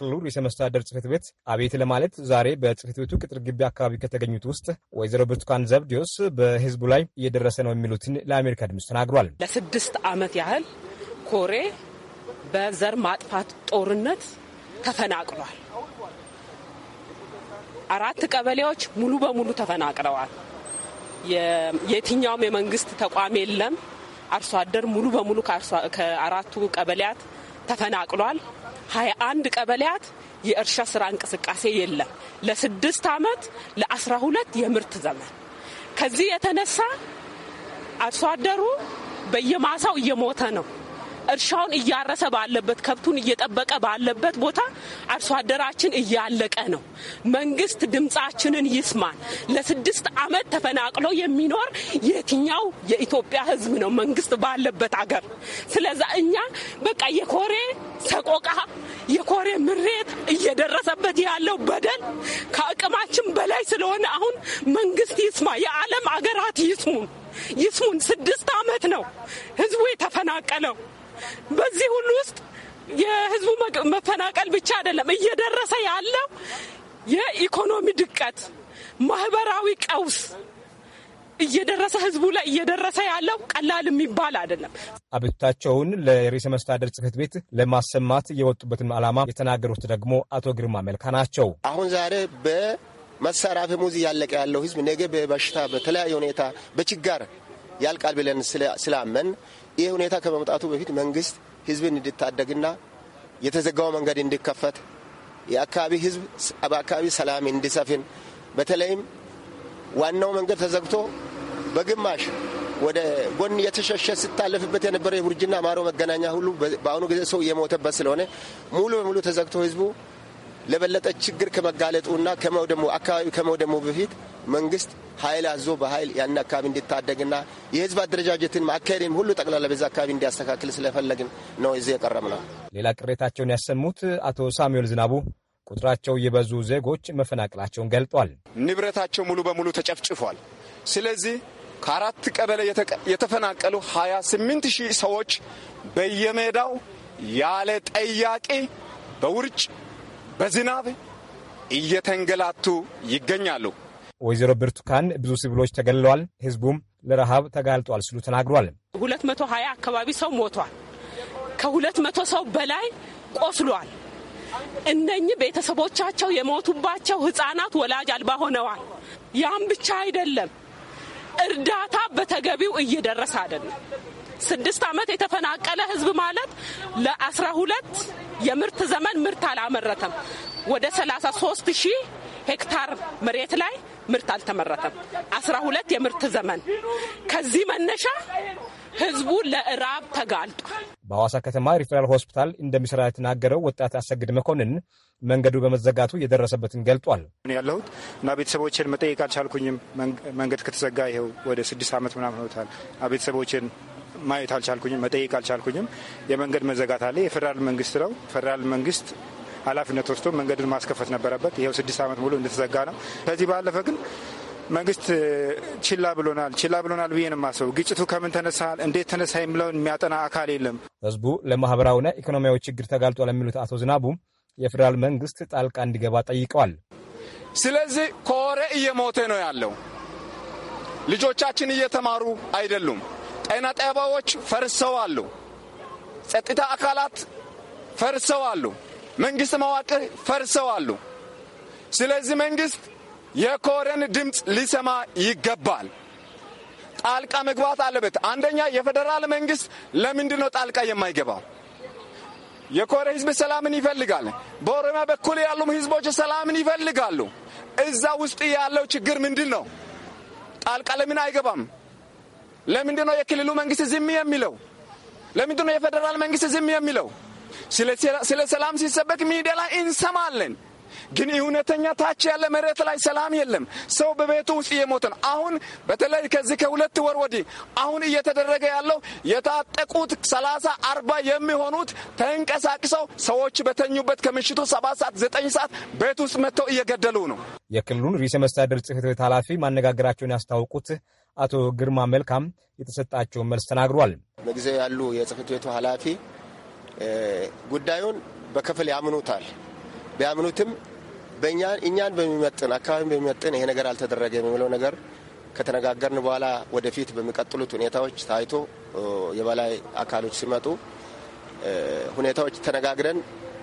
ለክልሉ ርዕሰ መስተዳደር ቤት አቤት ለማለት ዛሬ በጽሕፈት ቤቱ ቅጥር ግቢ አካባቢ ከተገኙት ውስጥ ወይዘሮ ብርቱካን ዘብዲዮስ በህዝቡ ላይ እየደረሰ ነው የሚሉትን ለአሜሪካ ድምፅ ተናግሯል። ለስድስት ዓመት ያህል ኮሬ በዘር ማጥፋት ጦርነት ተፈናቅሏል። አራት ቀበሌዎች ሙሉ በሙሉ ተፈናቅለዋል። የትኛውም የመንግስት ተቋም የለም። አርሶ አደር ሙሉ በሙሉ ከአራቱ ቀበሌያት ተፈናቅሏል። ሀያ አንድ ቀበሌያት የእርሻ ስራ እንቅስቃሴ የለም ለስድስት ዓመት ለአስራ ሁለት የምርት ዘመን። ከዚህ የተነሳ አርሶ አደሩ በየማሳው እየሞተ ነው። እርሻውን እያረሰ ባለበት ከብቱን እየጠበቀ ባለበት ቦታ አርሶ አደራችን እያለቀ ነው። መንግስት ድምፃችንን ይስማል። ለስድስት ዓመት ተፈናቅሎ የሚኖር የትኛው የኢትዮጵያ ሕዝብ ነው መንግስት ባለበት አገር? ስለዛ እኛ በቃ የኮሬ ሰቆቃ የኮሬ ምሬት እየደረሰበት ያለው በደል ከአቅማችን በላይ ስለሆነ አሁን መንግስት ይስማ፣ የዓለም አገራት ይስሙን ይስሙን። ስድስት ዓመት ነው ህዝቡ የተፈናቀለው። በዚህ ሁሉ ውስጥ የህዝቡ መፈናቀል ብቻ አይደለም እየደረሰ ያለው የኢኮኖሚ ድቀት፣ ማህበራዊ ቀውስ እየደረሰ ህዝቡ ላይ እየደረሰ ያለው ቀላል የሚባል አይደለም። አቤቱታቸውን ለርዕሰ መስተዳድር ጽህፈት ቤት ለማሰማት የወጡበትን ዓላማ የተናገሩት ደግሞ አቶ ግርማ መልካ ናቸው። አሁን ዛሬ በመሳሪያ አፈሙዝ እያለቀ ያለው ህዝብ ነገ በበሽታ በተለያየ ሁኔታ በችጋር ያልቃል ብለን ስላመን ይህ ሁኔታ ከመምጣቱ በፊት መንግስት ህዝብን እንዲታደግና የተዘጋው መንገድ እንዲከፈት የአካባቢ ህዝብ በአካባቢ ሰላም እንዲሰፍን በተለይም ዋናው መንገድ ተዘግቶ በግማሽ ወደ ጎን የተሸሸ ስታለፍበት የነበረ የቡርጅና ማሮ መገናኛ ሁሉ በአሁኑ ጊዜ ሰው እየሞተበት ስለሆነ ሙሉ በሙሉ ተዘግቶ ህዝቡ ለበለጠ ችግር ከመጋለጡና ከመውደሙ አካባቢ ከመውደሙ በፊት መንግስት ኃይል አዞ በኃይል ያን አካባቢ እንዲታደግና የህዝብ አደረጃጀትን ማካሄድም ሁሉ ጠቅላላ በዛ አካባቢ እንዲያስተካክል ስለፈለግን ነው እዚህ የቀረም ነው። ሌላ ቅሬታቸውን ያሰሙት አቶ ሳሙኤል ዝናቡ ቁጥራቸው የበዙ ዜጎች መፈናቀላቸውን ገልጧል። ንብረታቸው ሙሉ በሙሉ ተጨፍጭፏል። ስለዚህ ከአራት ቀበሌ የተፈናቀሉ 28 ሺህ ሰዎች በየሜዳው ያለ ጠያቂ በውርጭ በዝናብ እየተንገላቱ ይገኛሉ። ወይዘሮ ብርቱካን ብዙ ሲቪሎች ተገልለዋል፣ ህዝቡም ለረሃብ ተጋልጧል ሲሉ ተናግሯል። ሁለት መቶ ሀያ አካባቢ ሰው ሞቷል። ከሁለት መቶ ሰው በላይ ቆስሏል። እነኚህ ቤተሰቦቻቸው የሞቱባቸው ህጻናት ወላጅ አልባ ሆነዋል። ያም ብቻ አይደለም፣ እርዳታ በተገቢው እየደረሰ አይደለም። ስድስት ዓመት የተፈናቀለ ህዝብ ማለት ለአስራ ሁለት የምርት ዘመን ምርት አላመረተም። ወደ ሰላሳ ሶስት ሺህ ሄክታር መሬት ላይ ምርት አልተመረተም። አስራ ሁለት የምርት ዘመን ከዚህ መነሻ ህዝቡ ለእራብ ተጋልጧል። በሐዋሳ ከተማ ሪፈራል ሆስፒታል እንደሚሰራ የተናገረው ወጣት አሰግድ መኮንን መንገዱ በመዘጋቱ የደረሰበትን ገልጧል። ያለሁት እና ቤተሰቦችን መጠየቅ አልቻልኩኝም። መንገድ ከተዘጋ ይኸው ወደ ስድስት ዓመት ምናምን ሆኖታል። ቤተሰቦችን ማየት አልቻልኩኝም፣ መጠየቅ አልቻልኩኝም። የመንገድ መዘጋት አለ። የፌዴራል መንግስት ነው። ፌዴራል መንግስት ኃላፊነት ወስዶ መንገድን ማስከፈት ነበረበት። ይኸው ስድስት ዓመት ሙሉ እንደተዘጋ ነው። ከዚህ ባለፈ ግን መንግስት ችላ ብሎናል ችላ ብሎናል ብዬ ነው የማስበው። ግጭቱ ከምን ተነሳ፣ እንዴት ተነሳ የሚለውን የሚያጠና አካል የለም። ህዝቡ ለማህበራዊና ኢኮኖሚያዊ ችግር ተጋልጧል የሚሉት አቶ ዝናቡ የፌዴራል መንግስት ጣልቃ እንዲገባ ጠይቀዋል። ስለዚህ ኮሬ እየሞተ ነው ያለው። ልጆቻችን እየተማሩ አይደሉም። ጤና ጣቢያዎች ፈርሰዋሉ። ጸጥታ አካላት ፈርሰዋሉ። መንግስት መዋቅር ፈርሰዋሉ። ስለዚህ መንግስት የኮረን ድምፅ ሊሰማ ይገባል። ጣልቃ መግባት አለበት። አንደኛ የፌዴራል መንግስት ለምንድን ነው ጣልቃ የማይገባው? የኮረ ህዝብ ሰላምን ይፈልጋል። በኦሮሚያ በኩል ያሉም ህዝቦች ሰላምን ይፈልጋሉ። እዛ ውስጥ ያለው ችግር ምንድን ነው? ጣልቃ ለምን አይገባም? ለምንድ ነው የክልሉ መንግስት ዝም የሚለው? ለምንድ ነው የፌዴራል መንግስት ዝም የሚለው? ስለ ሰላም ሲሰበክ ሚዲያ ላይ እንሰማለን። ግን እውነተኛ ታች ያለ መሬት ላይ ሰላም የለም። ሰው በቤቱ ውስጥ እየሞተ ነው። አሁን በተለይ ከዚህ ከሁለት ወር ወዲህ አሁን እየተደረገ ያለው የታጠቁት ሰላሳ አርባ የሚሆኑት ተንቀሳቅሰው ሰዎች በተኙበት ከምሽቱ ሰባት ሰዓት ዘጠኝ ሰዓት ቤት ውስጥ መጥተው እየገደሉ ነው። የክልሉን ርዕሰ መስተዳድር ጽህፈት ቤት ኃላፊ ማነጋገራቸውን ያስታውቁት አቶ ግርማ መልካም የተሰጣቸውን መልስ ተናግሯል። በጊዜው ያሉ የጽህፈት ቤቱ ኃላፊ ጉዳዩን በክፍል ያምኑታል። ቢያምኑትም እኛን በሚመጥን አካባቢን በሚመጥን ይሄ ነገር አልተደረገ የሚለው ነገር ከተነጋገርን በኋላ ወደፊት በሚቀጥሉት ሁኔታዎች ታይቶ የበላይ አካሎች ሲመጡ ሁኔታዎች ተነጋግረን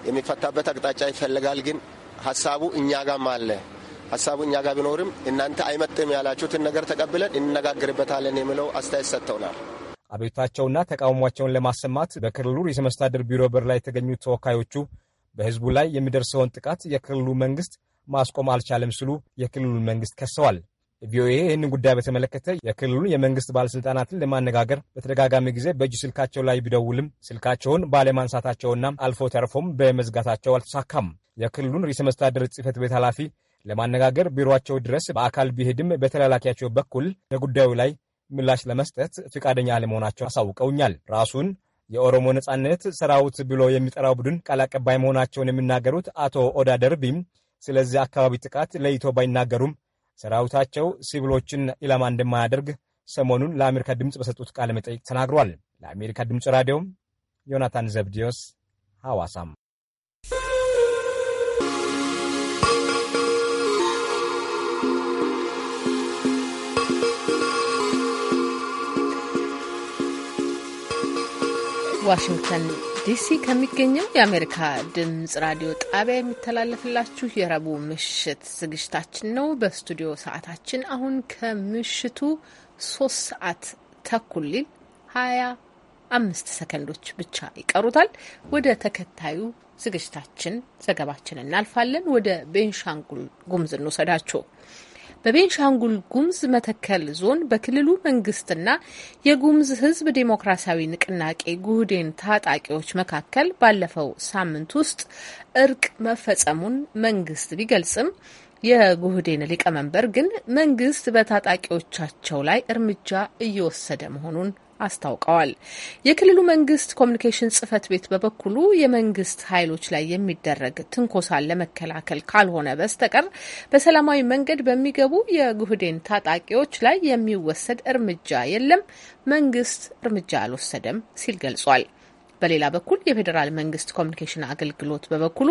የሚፈታበት አቅጣጫ ይፈልጋል። ግን ሀሳቡ እኛ ጋም አለ ሀሳቡ እኛ ጋር ቢኖርም እናንተ አይመጥም ያላችሁትን ነገር ተቀብለን እንነጋግርበታለን የሚለው አስተያየት ሰጥተውናል። አቤቱታቸውና ተቃውሟቸውን ለማሰማት በክልሉ ርዕሰ መስተዳድር ቢሮ በር ላይ የተገኙት ተወካዮቹ በህዝቡ ላይ የሚደርሰውን ጥቃት የክልሉ መንግስት ማስቆም አልቻለም ሲሉ የክልሉን መንግስት ከሰዋል። ቪኦኤ ይህንን ጉዳይ በተመለከተ የክልሉን የመንግስት ባለስልጣናትን ለማነጋገር በተደጋጋሚ ጊዜ በእጅ ስልካቸው ላይ ቢደውልም ስልካቸውን ባለማንሳታቸውና አልፎ ተርፎም በመዝጋታቸው አልተሳካም። የክልሉን ርዕሰ መስተዳድር ጽህፈት ቤት ኃላፊ ለማነጋገር ቢሮቸው ድረስ በአካል ቢሄድም በተላላኪያቸው በኩል በጉዳዩ ላይ ምላሽ ለመስጠት ፍቃደኛ አለመሆናቸው አሳውቀውኛል። ራሱን የኦሮሞ ነጻነት ሰራዊት ብሎ የሚጠራው ቡድን ቃል አቀባይ መሆናቸውን የሚናገሩት አቶ ኦዳ ደርቢም ስለዚህ አካባቢ ጥቃት ለይቶ ባይናገሩም ሰራዊታቸው ሲቪሎችን ኢላማ እንደማያደርግ ሰሞኑን ለአሜሪካ ድምፅ በሰጡት ቃለ መጠይቅ ተናግሯል። ለአሜሪካ ድምፅ ራዲዮም ዮናታን ዘብዲዮስ ሐዋሳም ዋሽንግተን ዲሲ ከሚገኘው የአሜሪካ ድምጽ ራዲዮ ጣቢያ የሚተላለፍላችሁ የረቡዕ ምሽት ዝግጅታችን ነው። በስቱዲዮ ሰዓታችን አሁን ከምሽቱ ሶስት ሰዓት ተኩል ሊል ሀያ አምስት ሰከንዶች ብቻ ይቀሩታል። ወደ ተከታዩ ዝግጅታችን ዘገባችን እናልፋለን። ወደ ቤንሻንጉል ጉምዝ እንውሰዳችሁ። በቤንሻንጉል ጉምዝ መተከል ዞን በክልሉ መንግስትና የጉምዝ ህዝብ ዴሞክራሲያዊ ንቅናቄ ጉህዴን ታጣቂዎች መካከል ባለፈው ሳምንት ውስጥ እርቅ መፈጸሙን መንግስት ቢገልጽም የጉህዴን ሊቀመንበር ግን መንግስት በታጣቂዎቻቸው ላይ እርምጃ እየወሰደ መሆኑን አስታውቀዋል። የክልሉ መንግስት ኮሚኒኬሽን ጽህፈት ቤት በበኩሉ የመንግስት ኃይሎች ላይ የሚደረግ ትንኮሳን ለመከላከል ካልሆነ በስተቀር በሰላማዊ መንገድ በሚገቡ የጉህዴን ታጣቂዎች ላይ የሚወሰድ እርምጃ የለም፣ መንግስት እርምጃ አልወሰደም ሲል ገልጿል። በሌላ በኩል የፌዴራል መንግስት ኮሚኒኬሽን አገልግሎት በበኩሉ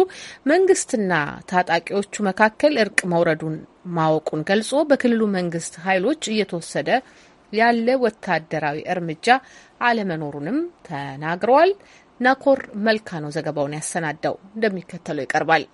መንግስትና ታጣቂዎቹ መካከል እርቅ መውረዱን ማወቁን ገልጾ በክልሉ መንግስት ኃይሎች እየተወሰደ ያለ ወታደራዊ እርምጃ አለመኖሩንም ተናግረዋል። ናኮር መልካ ነው ዘገባውን ያሰናዳው፣ እንደሚከተለው ይቀርባል።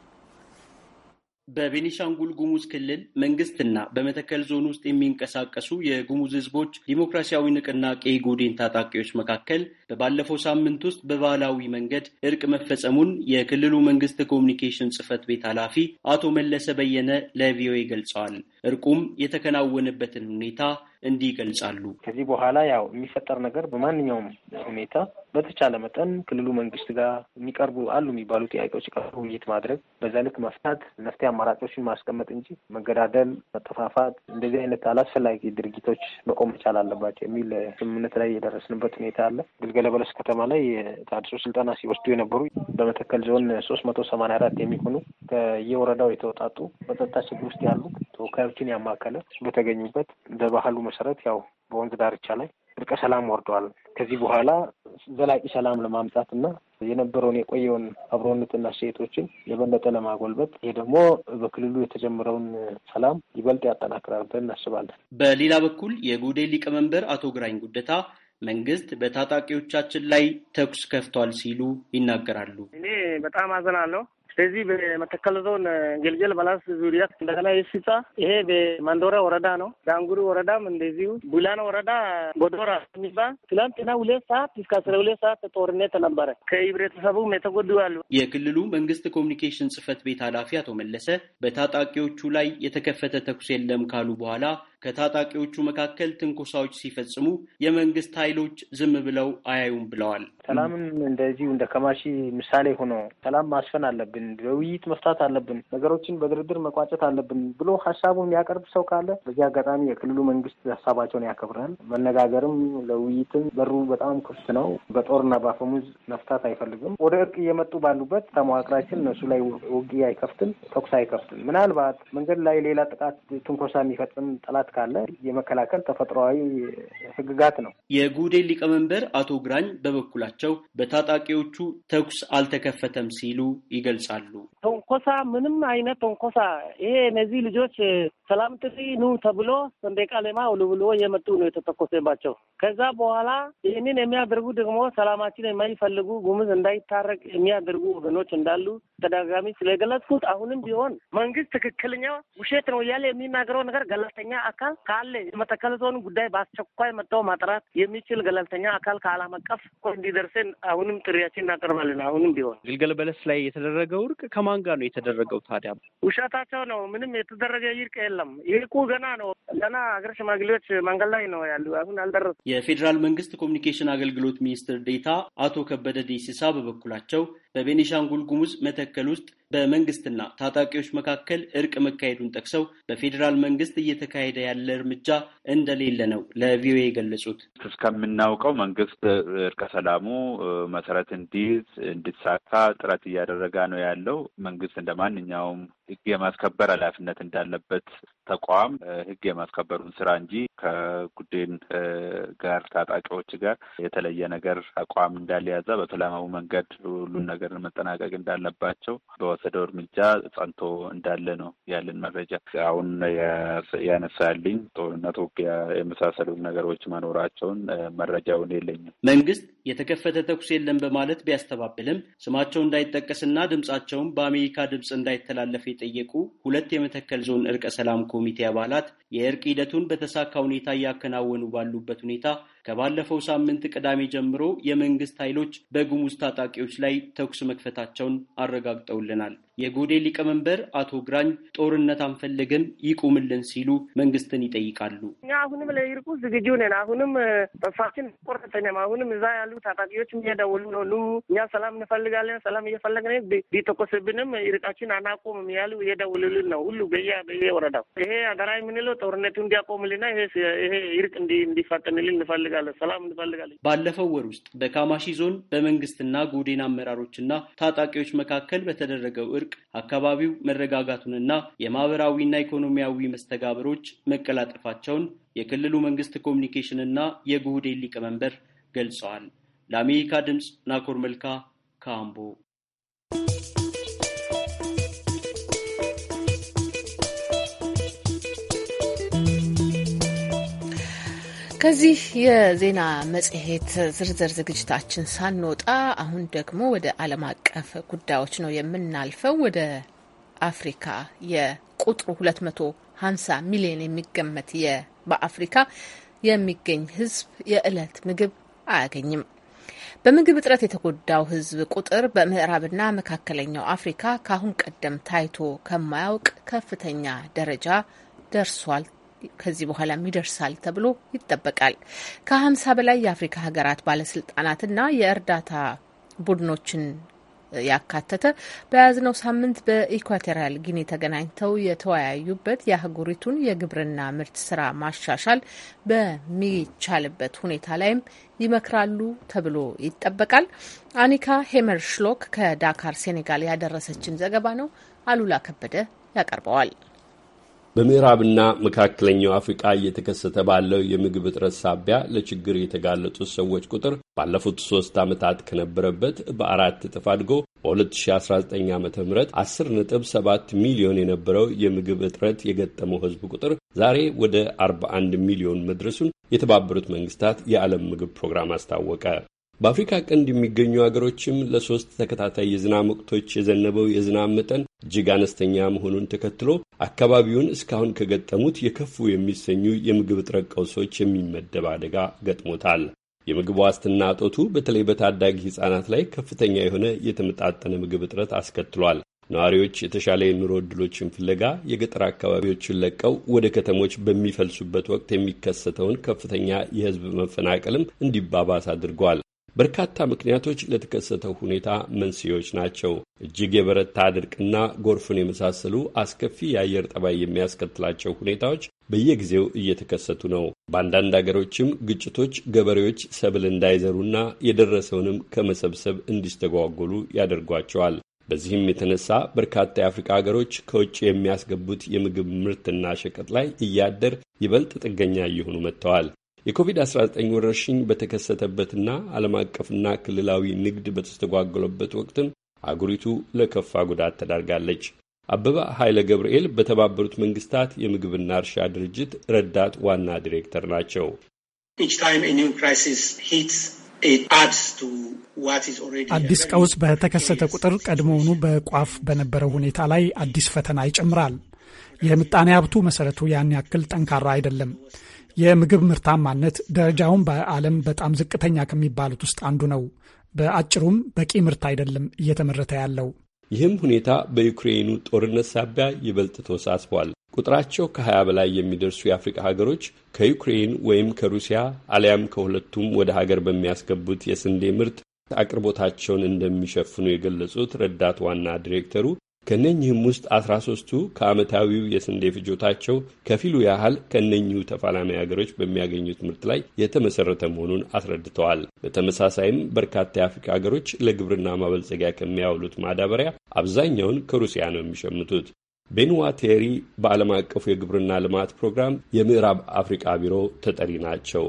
በቤኒሻንጉል ጉሙዝ ክልል መንግስትና በመተከል ዞን ውስጥ የሚንቀሳቀሱ የጉሙዝ ህዝቦች ዲሞክራሲያዊ ንቅናቄ ጉዴን ታጣቂዎች መካከል በባለፈው ሳምንት ውስጥ በባህላዊ መንገድ እርቅ መፈጸሙን የክልሉ መንግስት ኮሚኒኬሽን ጽህፈት ቤት ኃላፊ አቶ መለሰ በየነ ለቪኦኤ ገልጸዋል። እርቁም የተከናወነበትን ሁኔታ እንዲህ ይገልጻሉ። ከዚህ በኋላ ያው የሚፈጠር ነገር በማንኛውም ሁኔታ በተቻለ መጠን ክልሉ መንግስት ጋር የሚቀርቡ አሉ የሚባሉ ጥያቄዎች ቀርቡ ውይይት ማድረግ በዛ ልክ መፍታት፣ መፍትሄ አማራጮችን ማስቀመጥ እንጂ መገዳደል፣ መጠፋፋት፣ እንደዚህ አይነት አላስፈላጊ ድርጊቶች መቆም መቻል አለባቸው የሚል ስምምነት ላይ የደረስንበት ሁኔታ አለ። ግልገል በለስ ከተማ ላይ የታድሶ ስልጠና ሲወስዱ የነበሩ በመተከል ዞን ሶስት መቶ ሰማንያ አራት የሚሆኑ ከየወረዳው የተወጣጡ በጸጥታ ችግር ውስጥ ያሉ ተወካዮችን ያማከለ በተገኙበት በባህሉ መሰረት ያው በወንዝ ዳርቻ ላይ እርቀ ሰላም ወርደዋል። ከዚህ በኋላ ዘላቂ ሰላም ለማምጣት እና የነበረውን የቆየውን አብሮነትና ሴቶችን የበለጠ ለማጎልበት ይሄ ደግሞ በክልሉ የተጀመረውን ሰላም ይበልጥ ያጠናክራል ብለን እናስባለን። በሌላ በኩል የጉዴ ሊቀመንበር አቶ ግራኝ ጉደታ መንግስት በታጣቂዎቻችን ላይ ተኩስ ከፍቷል ሲሉ ይናገራሉ። እኔ በጣም አዘናለሁ። ስለዚህ በመተከል ዞን ገልገል በለስ ዙሪያ እንደገና የሲጻ ይሄ በመንዶራ ወረዳ ነው። ዳንጉሪ ወረዳም እንደዚሁ ቡላና ወረዳ ጎዶራ የሚባል ትላንትና ሁለት ሰዓት እስከ አስራ ሁለት ሰዓት ጦርነት ነበረ። ከህብረተሰቡም የተጎዱ አሉ። የክልሉ መንግስት ኮሚኒኬሽን ጽህፈት ቤት ኃላፊ አቶ መለሰ በታጣቂዎቹ ላይ የተከፈተ ተኩስ የለም ካሉ በኋላ ከታጣቂዎቹ መካከል ትንኮሳዎች ሲፈጽሙ የመንግስት ኃይሎች ዝም ብለው አያዩም ብለዋል። ሰላምን እንደዚሁ እንደ ከማሺ ምሳሌ ሆኖ ሰላም ማስፈን አለብን፣ በውይይት መፍታት አለብን፣ ነገሮችን በድርድር መቋጨት አለብን ብሎ ሀሳቡን የሚያቀርብ ሰው ካለ በዚህ አጋጣሚ የክልሉ መንግስት ሀሳባቸውን ያከብራል። መነጋገርም ለውይይትም በሩ በጣም ክፍት ነው። በጦርና በአፈሙዝ መፍታት አይፈልግም። ወደ እርቅ እየመጡ ባሉበት ተመዋቅራችን እነሱ ላይ ውጊ አይከፍትም፣ ተኩስ አይከፍትም። ምናልባት መንገድ ላይ ሌላ ጥቃት ትንኮሳ የሚፈጽም ጠላት ካለ የመከላከል ተፈጥሯዊ ህግጋት ነው። የጉዴ ሊቀመንበር አቶ ግራኝ በበኩላቸው በታጣቂዎቹ ተኩስ አልተከፈተም ሲሉ ይገልጻሉ። ተንኮሳ ምንም አይነት ተንኮሳ ይሄ እነዚህ ልጆች ሰላም ጥሪ ኑ ተብሎ ሰንደቅ ዓላማ ውልውልዎ የመጡ ነው የተተኮሰባቸው። ከዛ በኋላ ይህንን የሚያደርጉ ደግሞ ሰላማችን የማይፈልጉ ጉሙዝ እንዳይታረቅ የሚያደርጉ ወገኖች እንዳሉ ተደጋጋሚ ስለገለጽኩት አሁንም ቢሆን መንግስት ትክክለኛ ውሸት ነው እያለ የሚናገረው ነገር ገለልተኛ አካል አካል ካለ የመተከል ጉዳይ በአስቸኳይ መጥተው ማጥራት የሚችል ገለልተኛ አካል ከዓለም አቀፍ እንዲደርሰን አሁንም ጥሪያችን እናቀርባለን። አሁንም ቢሆን ግልገል በለስ ላይ የተደረገው እርቅ ከማን ጋር ነው የተደረገው? ታዲያ ውሸታቸው ነው። ምንም የተደረገ ይርቅ የለም። ይርቁ ገና ነው። ገና አገር ሽማግሌዎች መንገድ ላይ ነው ያሉ፣ አሁን አልደረሱ። የፌዴራል መንግስት ኮሚኒኬሽን አገልግሎት ሚኒስትር ዴታ አቶ ከበደ ዴሲሳ በበኩላቸው በቤኒሻንጉል ጉሙዝ መተከል ውስጥ በመንግስትና ታጣቂዎች መካከል እርቅ መካሄዱን ጠቅሰው በፌዴራል መንግስት እየተካሄደ ያለ እርምጃ እንደሌለ ነው ለቪኦኤ የገለጹት። እስከምናውቀው መንግስት እርቀ ሰላሙ መሰረት እንዲይዝ እንዲሳካ ጥረት እያደረገ ነው ያለው። መንግስት እንደ ማንኛውም ህግ የማስከበር ኃላፊነት እንዳለበት ተቋም ህግ የማስከበሩን ስራ እንጂ ከጉዴን ጋር ታጣቂዎች ጋር የተለየ ነገር አቋም እንዳልያዘ በሰላማዊ መንገድ ሁሉን ነገር መጠናቀቅ እንዳለባቸው በወሰደው እርምጃ ጸንቶ እንዳለ ነው ያለን መረጃ። አሁን ያነሳልኝ ጦርነት፣ ውጊያ የመሳሰሉ ነገሮች መኖራቸውን መረጃውን የለኝም። መንግስት የተከፈተ ተኩስ የለም በማለት ቢያስተባብልም ስማቸው እንዳይጠቀስና ድምጻቸውን በአሜሪካ ድምፅ እንዳይተላለፍ የጠየቁ ሁለት የመተከል ዞን እርቀ ሰላም ኮሚቴ አባላት የእርቅ ሂደቱን በተሳካ ሁኔታ እያከናወኑ ባሉበት ሁኔታ ከባለፈው ሳምንት ቅዳሜ ጀምሮ የመንግስት ኃይሎች በጉሙዝ ታጣቂዎች ላይ ተኩስ መክፈታቸውን አረጋግጠውልናል። የጎዴ ሊቀመንበር አቶ ግራኝ ጦርነት አንፈልግም ይቁምልን ሲሉ መንግስትን ይጠይቃሉ። እኛ አሁንም ለይርቁ ዝግጁ ነን። አሁንም ተስፋችን ቆረጠንም። አሁንም እዛ ያሉ ታጣቂዎች እየደወሉ ነው፣ ኑ እኛ ሰላም እንፈልጋለን፣ ሰላም እየፈለግን ቢተኮስብንም ይርቃችን አናቆምም ያሉ እየደወሉልን ነው። ሁሉ በየ በየ ወረዳው ይሄ አደራ የምንለው ጦርነቱ እንዲያቆምልና ይሄ ይርቅ እንዲፋጠንልን እንፈልግ እንፈልጋለን፣ ሰላም እንፈልጋለን። ባለፈው ወር ውስጥ በካማሺ ዞን በመንግስትና ጎዴን አመራሮችና ታጣቂዎች መካከል በተደረገው እርቅ አካባቢው መረጋጋቱንና የማህበራዊና ኢኮኖሚያዊ መስተጋብሮች መቀላጠፋቸውን የክልሉ መንግስት ኮሚኒኬሽንና የጉህዴን ሊቀመንበር ገልጸዋል። ለአሜሪካ ድምፅ ናኮር መልካ ካምቦ ከዚህ የዜና መጽሔት ዝርዝር ዝግጅታችን ሳንወጣ አሁን ደግሞ ወደ ዓለም አቀፍ ጉዳዮች ነው የምናልፈው። ወደ አፍሪካ የቁጥሩ 250 ሚሊዮን የሚገመት በአፍሪካ የሚገኝ ህዝብ የዕለት ምግብ አያገኝም። በምግብ እጥረት የተጎዳው ህዝብ ቁጥር በምዕራብና መካከለኛው አፍሪካ ከአሁን ቀደም ታይቶ ከማያውቅ ከፍተኛ ደረጃ ደርሷል ከዚህ በኋላም ይደርሳል ተብሎ ይጠበቃል። ከሀምሳ በላይ የአፍሪካ ሀገራት ባለስልጣናትና የእርዳታ ቡድኖችን ያካተተ በያዝነው ሳምንት በኢኳቶሪያል ጊኒ ተገናኝተው የተወያዩበት የአህጉሪቱን የግብርና ምርት ስራ ማሻሻል በሚቻልበት ሁኔታ ላይም ይመክራሉ ተብሎ ይጠበቃል። አኒካ ሄመርሽሎክ ከዳካር ሴኔጋል ያደረሰችን ዘገባ ነው። አሉላ ከበደ ያቀርበዋል። በምዕራብና መካከለኛው አፍሪቃ እየተከሰተ ባለው የምግብ እጥረት ሳቢያ ለችግር የተጋለጡት ሰዎች ቁጥር ባለፉት ሶስት ዓመታት ከነበረበት በአራት እጥፍ አድጎ በ2019 ዓ ም 7 ሚሊዮን የነበረው የምግብ እጥረት የገጠመው ሕዝብ ቁጥር ዛሬ ወደ 41 ሚሊዮን መድረሱን የተባበሩት መንግስታት የዓለም ምግብ ፕሮግራም አስታወቀ። በአፍሪካ ቀንድ የሚገኙ ሀገሮችም ለሶስት ተከታታይ የዝናብ ወቅቶች የዘነበው የዝናብ መጠን እጅግ አነስተኛ መሆኑን ተከትሎ አካባቢውን እስካሁን ከገጠሙት የከፉ የሚሰኙ የምግብ እጥረት ቀውሶች የሚመደብ አደጋ ገጥሞታል። የምግብ ዋስትና እጦቱ በተለይ በታዳጊ ሕፃናት ላይ ከፍተኛ የሆነ የተመጣጠነ ምግብ እጥረት አስከትሏል። ነዋሪዎች የተሻለ የኑሮ ዕድሎችን ፍለጋ የገጠር አካባቢዎችን ለቀው ወደ ከተሞች በሚፈልሱበት ወቅት የሚከሰተውን ከፍተኛ የሕዝብ መፈናቀልም እንዲባባስ አድርጓል። በርካታ ምክንያቶች ለተከሰተው ሁኔታ መንስኤዎች ናቸው። እጅግ የበረታ ድርቅና ጎርፍን የመሳሰሉ አስከፊ የአየር ጠባይ የሚያስከትላቸው ሁኔታዎች በየጊዜው እየተከሰቱ ነው። በአንዳንድ አገሮችም ግጭቶች ገበሬዎች ሰብል እንዳይዘሩና የደረሰውንም ከመሰብሰብ እንዲስተጓጎሉ ያደርጓቸዋል። በዚህም የተነሳ በርካታ የአፍሪካ ሀገሮች ከውጭ የሚያስገቡት የምግብ ምርትና ሸቀጥ ላይ እያደር ይበልጥ ጥገኛ እየሆኑ መጥተዋል። የኮቪድ-19 ወረርሽኝ በተከሰተበትና ዓለም አቀፍና ክልላዊ ንግድ በተስተጓጎለበት ወቅትም አገሪቱ ለከፋ ጉዳት ተዳርጋለች። አበባ ኃይለ ገብርኤል በተባበሩት መንግስታት የምግብና እርሻ ድርጅት ረዳት ዋና ዲሬክተር ናቸው። አዲስ ቀውስ በተከሰተ ቁጥር ቀድሞውኑ በቋፍ በነበረው ሁኔታ ላይ አዲስ ፈተና ይጨምራል። የምጣኔ ሀብቱ መሰረቱ ያን ያክል ጠንካራ አይደለም። የምግብ ምርታማነት ደረጃውን በዓለም በጣም ዝቅተኛ ከሚባሉት ውስጥ አንዱ ነው። በአጭሩም በቂ ምርት አይደለም እየተመረተ ያለው። ይህም ሁኔታ በዩክሬኑ ጦርነት ሳቢያ ይበልጥ ተወሳስቧል። ቁጥራቸው ከ20 በላይ የሚደርሱ የአፍሪቃ ሀገሮች ከዩክሬን ወይም ከሩሲያ አሊያም ከሁለቱም ወደ ሀገር በሚያስገቡት የስንዴ ምርት አቅርቦታቸውን እንደሚሸፍኑ የገለጹት ረዳት ዋና ዲሬክተሩ ከእነኚህም ውስጥ አስራ ሶስቱ ከዓመታዊው የስንዴ ፍጆታቸው ከፊሉ ያህል ከእነኚሁ ተፋላሚ ሀገሮች በሚያገኙት ምርት ላይ የተመሰረተ መሆኑን አስረድተዋል። በተመሳሳይም በርካታ የአፍሪካ ሀገሮች ለግብርና ማበልጸጊያ ከሚያውሉት ማዳበሪያ አብዛኛውን ከሩሲያ ነው የሚሸምቱት። ቤንዋ ቴሪ በዓለም አቀፉ የግብርና ልማት ፕሮግራም የምዕራብ አፍሪካ ቢሮ ተጠሪ ናቸው።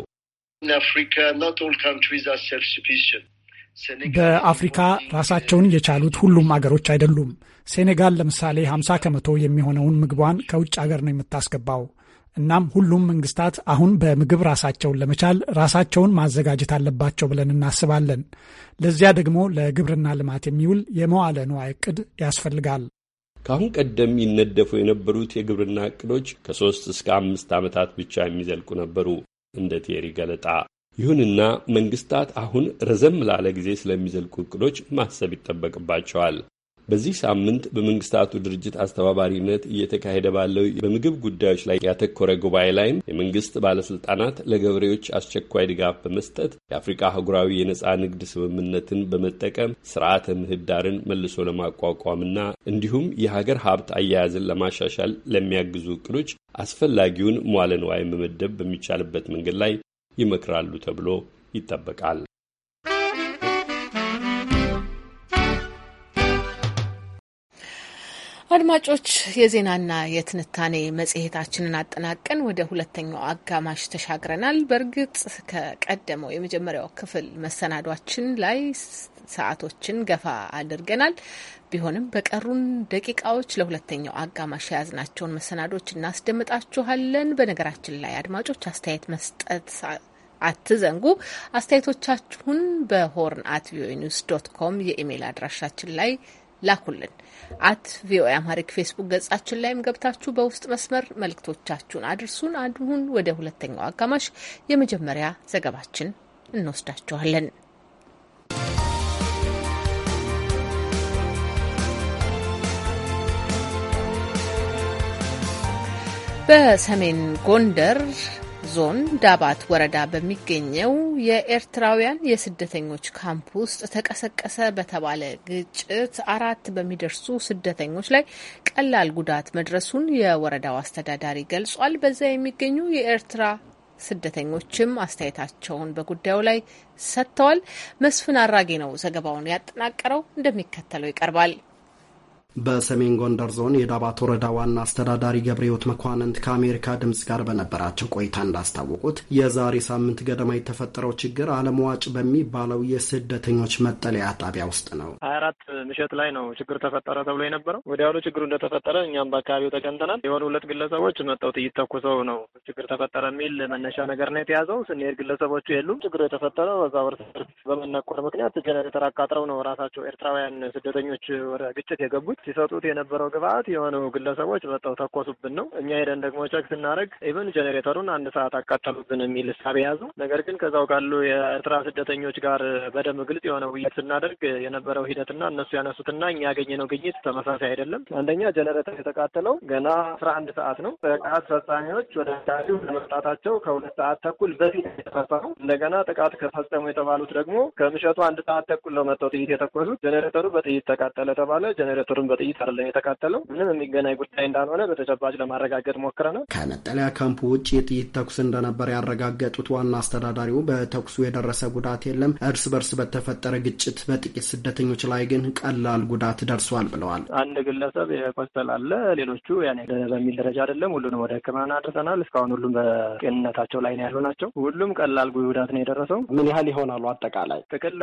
በአፍሪካ ራሳቸውን የቻሉት ሁሉም አገሮች አይደሉም። ሴኔጋል ለምሳሌ 50 ከመቶ የሚሆነውን ምግቧን ከውጭ ሀገር ነው የምታስገባው። እናም ሁሉም መንግስታት አሁን በምግብ ራሳቸውን ለመቻል ራሳቸውን ማዘጋጀት አለባቸው ብለን እናስባለን። ለዚያ ደግሞ ለግብርና ልማት የሚውል የመዋለ ንዋይ እቅድ ያስፈልጋል። ከአሁን ቀደም ይነደፉ የነበሩት የግብርና እቅዶች ከሶስት እስከ አምስት ዓመታት ብቻ የሚዘልቁ ነበሩ እንደ ቴሪ ገለጣ። ይሁንና መንግስታት አሁን ረዘም ላለ ጊዜ ስለሚዘልቁ እቅዶች ማሰብ ይጠበቅባቸዋል። በዚህ ሳምንት በመንግስታቱ ድርጅት አስተባባሪነት እየተካሄደ ባለው በምግብ ጉዳዮች ላይ ያተኮረ ጉባኤ ላይም የመንግስት ባለስልጣናት ለገበሬዎች አስቸኳይ ድጋፍ በመስጠት የአፍሪካ አህጉራዊ የነፃ ንግድ ስምምነትን በመጠቀም ስርዓተ ምህዳርን መልሶ ለማቋቋምና እንዲሁም የሀገር ሀብት አያያዝን ለማሻሻል ለሚያግዙ እቅዶች አስፈላጊውን መዋለ ንዋይ መመደብ በሚቻልበት መንገድ ላይ ይመክራሉ ተብሎ ይጠበቃል። አድማጮች የዜናና የትንታኔ መጽሔታችንን አጠናቀን ወደ ሁለተኛው አጋማሽ ተሻግረናል። በእርግጥ ከቀደመው የመጀመሪያው ክፍል መሰናዷችን ላይ ሰዓቶችን ገፋ አድርገናል። ቢሆንም በቀሩን ደቂቃዎች ለሁለተኛው አጋማሽ የያዝናቸውን መሰናዶች እናስደምጣችኋለን። በነገራችን ላይ አድማጮች አስተያየት መስጠት አትዘንጉ። አስተያየቶቻችሁን በሆርን አት ቪኦኤ ኒውስ ዶት ኮም የኢሜይል አድራሻችን ላይ ላኩልን። አት ቪኦኤ አማሪክ ፌስቡክ ገጻችን ላይም ገብታችሁ በውስጥ መስመር መልእክቶቻችሁን አድርሱን። አሁን ወደ ሁለተኛው አጋማሽ የመጀመሪያ ዘገባችን እንወስዳችኋለን። በሰሜን ጎንደር ዞን ዳባት ወረዳ በሚገኘው የኤርትራውያን የስደተኞች ካምፕ ውስጥ ተቀሰቀሰ በተባለ ግጭት አራት በሚደርሱ ስደተኞች ላይ ቀላል ጉዳት መድረሱን የወረዳው አስተዳዳሪ ገልጿል። በዚያ የሚገኙ የኤርትራ ስደተኞችም አስተያየታቸውን በጉዳዩ ላይ ሰጥተዋል። መስፍን አራጌ ነው ዘገባውን ያጠናቀረው፣ እንደሚከተለው ይቀርባል። በሰሜን ጎንደር ዞን የዳባት ወረዳ ዋና አስተዳዳሪ ገብረሕይወት መኳንንት ከአሜሪካ ድምፅ ጋር በነበራቸው ቆይታ እንዳስታወቁት የዛሬ ሳምንት ገደማ የተፈጠረው ችግር አለምዋጭ በሚባለው የስደተኞች መጠለያ ጣቢያ ውስጥ ነው። ሀያ አራት ምሽት ላይ ነው ችግር ተፈጠረ ተብሎ የነበረው። ወዲያውኑ ችግሩ እንደተፈጠረ እኛም በአካባቢው ተገንተናል። የሆኑ ሁለት ግለሰቦች መጠው ጥይት ተኩሰው ነው ችግር ተፈጠረ የሚል መነሻ ነገር ነው የተያዘው። ስንሄድ ግለሰቦቹ የሉም። ችግሩ የተፈጠረው በዛ ወርስ በመነቆር ምክንያት ጀነሬተር አቃጥረው ነው ራሳቸው ኤርትራውያን ስደተኞች ወደ ግጭት የገቡት ሲሰጡት የነበረው ግብአት የሆኑ ግለሰቦች መጠው ተኮሱብን ነው። እኛ ሄደን ደግሞ ቸክ ስናደርግ ኢቨን ጀኔሬተሩን አንድ ሰዓት አቃጠሉብን የሚል እሳቤ ያዙ። ነገር ግን ከዛው ካሉ የኤርትራ ስደተኞች ጋር በደንብ ግልጽ የሆነ ውይይት ስናደርግ የነበረው ሂደትና እነሱ ያነሱትና እኛ ያገኘነው ግኝት ተመሳሳይ አይደለም። አንደኛ ጀኔሬተር የተቃጠለው ገና አስራ አንድ ሰዓት ነው። ጥቃት ፈጻሚዎች ወደ አካባቢው ለመምጣታቸው ከሁለት ሰዓት ተኩል በፊት የተፈጸመው እንደገና ጥቃት ከፈጸሙ የተባሉት ደግሞ ከምሸቱ አንድ ሰዓት ተኩል ነው መጥተው ጥይት የተኮሱት። ጀኔሬተሩ በጥይት ተቃጠለ ተባለ። ጀኔሬተሩን በጥይት አይደለም የተካተለው ምንም የሚገናኝ ጉዳይ እንዳልሆነ በተጨባጭ ለማረጋገጥ ሞክረናል። ከመጠለያ ካምፕ ውጭ የጥይት ተኩስ እንደነበር ያረጋገጡት ዋና አስተዳዳሪው በተኩሱ የደረሰ ጉዳት የለም፣ እርስ በርስ በተፈጠረ ግጭት በጥቂት ስደተኞች ላይ ግን ቀላል ጉዳት ደርሷል ብለዋል። አንድ ግለሰብ የቆሰለ አለ፣ ሌሎቹ ያኔ በሚል ደረጃ አይደለም። ሁሉንም ወደ ሕክምና አድርሰናል። እስካሁን ሁሉም በጤንነታቸው ላይ ነው ያሉ ናቸው። ሁሉም ቀላል ጉዳት ነው የደረሰው። ምን ያህል ይሆናሉ? አጠቃላይ ጥቅል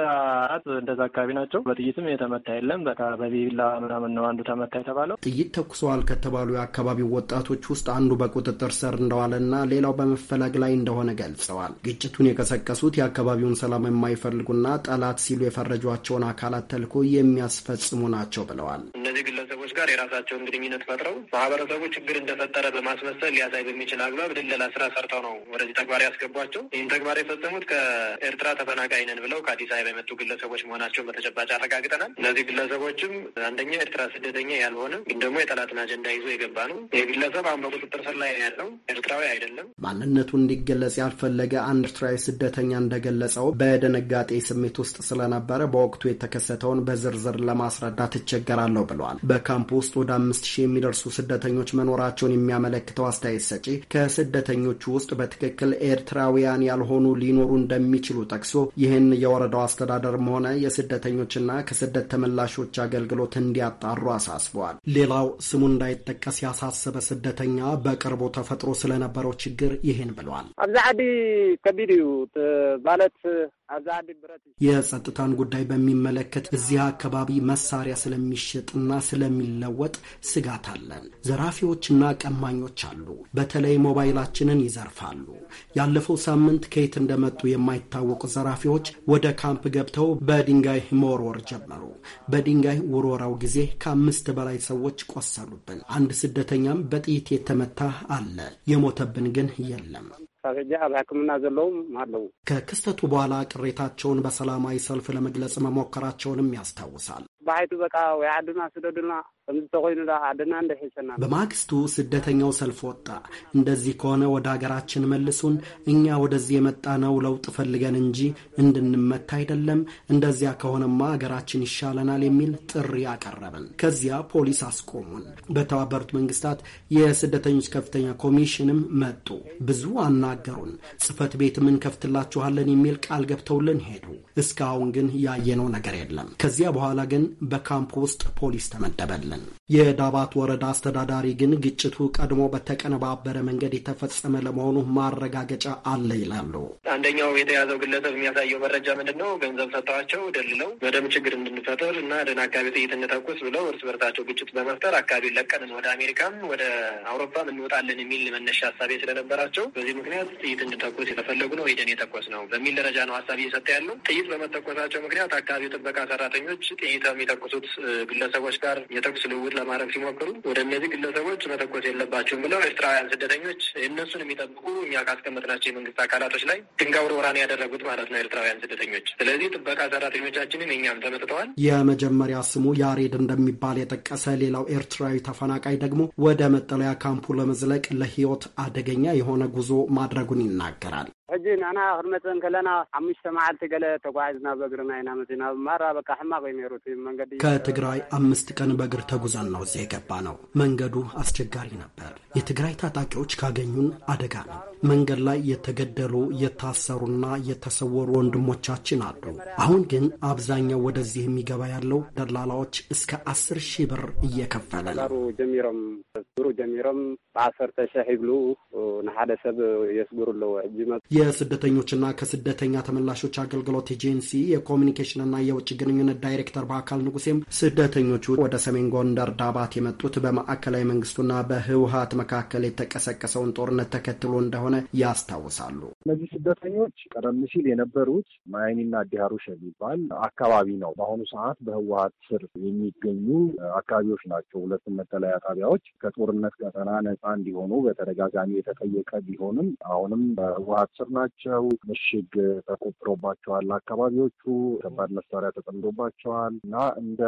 አራት እንደዛ አካባቢ ናቸው። በጥይትም የተመታ የለም። በቢላ ምናምን ነው ነው አንዱ ተመታ የተባለው። ጥይት ተኩሰዋል ከተባሉ የአካባቢው ወጣቶች ውስጥ አንዱ በቁጥጥር ስር እንደዋለና ሌላው በመፈለግ ላይ እንደሆነ ገልጸዋል። ግጭቱን የቀሰቀሱት የአካባቢውን ሰላም የማይፈልጉና ጠላት ሲሉ የፈረጇቸውን አካላት ተልኮ የሚያስፈጽሙ ናቸው ብለዋል። እነዚህ ግለሰቦች ጋር የራሳቸውን ግንኙነት ፈጥረው ማህበረሰቡ ችግር እንደፈጠረ በማስመሰል ሊያሳይ በሚችል አግባብ ድለላ ስራ ሰርተው ነው ወደዚህ ተግባር ያስገቧቸው። ይህን ተግባር የፈጸሙት ከኤርትራ ተፈናቃይ ነን ብለው ከአዲስ አበባ የመጡ ግለሰቦች መሆናቸውን በተጨባጭ አረጋግጠናል። እነዚህ ግለሰቦችም አንደኛ ኤርትራ ስደተኛ ያልሆነ ግን ደግሞ የጠላትን አጀንዳ ይዞ የገባ ነው። ይህ ግለሰብ አሁን በቁጥጥር ስር ላይ ያለው ኤርትራዊ አይደለም። ማንነቱ እንዲገለጽ ያልፈለገ አንድ ኤርትራዊ ስደተኛ እንደገለጸው በድንጋጤ ስሜት ውስጥ ስለነበረ በወቅቱ የተከሰተውን በዝርዝር ለማስረዳት ይቸገራለሁ ብለዋል። በካምፕ ውስጥ ወደ አምስት ሺህ የሚደርሱ ስደተኞች መኖራቸውን የሚያመለክተው አስተያየት ሰጪ ከስደተኞቹ ውስጥ በትክክል ኤርትራውያን ያልሆኑ ሊኖሩ እንደሚችሉ ጠቅሶ ይህን የወረዳው አስተዳደርም ሆነ የስደተኞችና ከስደት ተመላሾች አገልግሎት እንዲያጣሩ እንዳልሰሩ አሳስበዋል። ሌላው ስሙ እንዳይጠቀስ ያሳሰበ ስደተኛ በቅርቡ ተፈጥሮ ስለነበረው ችግር ይህን ብሏል። ኣብዚ ዓዲ ከቢድ እዩ ማለት የጸጥታን ጉዳይ በሚመለከት እዚያ አካባቢ መሳሪያ ስለሚሸጥና ስለሚለወጥ ስጋት አለን። ዘራፊዎችና ቀማኞች አሉ። በተለይ ሞባይላችንን ይዘርፋሉ። ያለፈው ሳምንት ከየት እንደመጡ የማይታወቁ ዘራፊዎች ወደ ካምፕ ገብተው በድንጋይ መወርወር ጀመሩ። በድንጋይ ውርወራው ጊዜ ከአምስት በላይ ሰዎች ቆሰሉብን። አንድ ስደተኛም በጥይት የተመታ አለ። የሞተብን ግን የለም። ሳገጃ በሕክምና ዘለውም አለው። ከክስተቱ በኋላ ቅሬታቸውን በሰላማዊ ሰልፍ ለመግለጽ መሞከራቸውንም ያስታውሳል። በሀይቱ በቃ ወይ አዱና ስደዱና በማግስቱ ስደተኛው ሰልፍ ወጣ። እንደዚህ ከሆነ ወደ ሀገራችን መልሱን፣ እኛ ወደዚህ የመጣነው ለውጥ ፈልገን እንጂ እንድንመታ አይደለም፣ እንደዚያ ከሆነማ ሀገራችን ይሻለናል የሚል ጥሪ አቀረብን። ከዚያ ፖሊስ አስቆሙን። በተባበሩት መንግስታት የስደተኞች ከፍተኛ ኮሚሽንም መጡ። ብዙ አናገሩን። ጽህፈት ቤትም እንከፍትላችኋለን የሚል ቃል ገብተውልን ሄዱ። እስካሁን ግን ያየነው ነገር የለም። ከዚያ በኋላ ግን በካምፕ ውስጥ ፖሊስ ተመደበልን። ገልጸዋል። የዳባት ወረዳ አስተዳዳሪ ግን ግጭቱ ቀድሞ በተቀነባበረ መንገድ የተፈጸመ ለመሆኑ ማረጋገጫ አለ ይላሉ። አንደኛው የተያዘው ግለሰብ የሚያሳየው መረጃ ምንድን ነው? ገንዘብ ሰጥተዋቸው ደልለው በደም ችግር እንድንፈጥር እና ደን አካባቢ ጥይት እንተኩስ ብለው እርስ በርሳቸው ግጭት በመፍጠር አካባቢውን ለቀንን ወደ አሜሪካም ወደ አውሮፓም እንወጣለን የሚል መነሻ ሀሳቤ ስለነበራቸው በዚህ ምክንያት ጥይት እንድተኩስ የተፈለጉ ነው ሄደን የተኮስ ነው በሚል ደረጃ ነው ሀሳቤ እየሰጠ ያለው። ጥይት በመተኮሳቸው ምክንያት አካባቢው ጥበቃ ሰራተኞች ጥይት የሚተኩሱት ግለሰቦች ጋር የተኩስ የተኩስ ልውውጥ ለማድረግ ሲሞክሩ ወደ እነዚህ ግለሰቦች መተኮስ የለባቸውም ብለው ኤርትራውያን ስደተኞች እነሱን የሚጠብቁ እኛ ካስቀመጥናቸው የመንግስት አካላቶች ላይ ድንጋይ ውርወራን ያደረጉት ማለት ነው ኤርትራውያን ስደተኞች። ስለዚህ ጥበቃ ሰራተኞቻችንን እኛም ተመጥተዋል። የመጀመሪያ ስሙ ያሬድ እንደሚባል የጠቀሰ ሌላው ኤርትራዊ ተፈናቃይ ደግሞ ወደ መጠለያ ካምፑ ለመዝለቅ ለህይወት አደገኛ የሆነ ጉዞ ማድረጉን ይናገራል። ሕጂ ንሕና ክንመፅን ከለና ሓሙሽተ መዓልቲ ገለ ተጓዒዝና በእግርና ኢና መፅና ማራ በቃ ሕማቅ እዩ ነይሩ እቲ መንገዲ ከትግራይ አምስት ቀን በእግር ተጉዘን ነው እዚያ የገባ ነው። መንገዱ አስቸጋሪ ነበር። የትግራይ ታጣቂዎች ካገኙን አደጋ ነው። መንገድ ላይ የተገደሉ የታሰሩና የተሰወሩ ወንድሞቻችን አሉ። አሁን ግን አብዛኛው ወደዚህ የሚገባ ያለው ደላላዎች እስከ አስር ሺህ ብር እየከፈለ ነው። የስደተኞችና ከስደተኛ ተመላሾች አገልግሎት ኤጀንሲ የኮሚኒኬሽንና የውጭ ግንኙነት ዳይሬክተር በአካል ንጉሴም ስደተኞቹ ወደ ሰሜን ጎንደር ዳባት የመጡት በማዕከላዊ መንግስቱና በህወሀት መካከል የተቀሰቀሰውን ጦርነት ተከትሎ እንደሆነ እንደሆነ ያስታውሳሉ። እነዚህ ስደተኞች ቀደም ሲል የነበሩት ማይኒና ዲሃሩሽ የሚባል አካባቢ ነው። በአሁኑ ሰዓት በህወሀት ስር የሚገኙ አካባቢዎች ናቸው። ሁለቱም መጠለያ ጣቢያዎች ከጦርነት ቀጠና ነፃ እንዲሆኑ በተደጋጋሚ የተጠየቀ ቢሆንም አሁንም በህወሀት ስር ናቸው። ምሽግ ተቆጥሮባቸዋል። አካባቢዎቹ ከባድ መሳሪያ ተጠምዶባቸዋል እና እንደ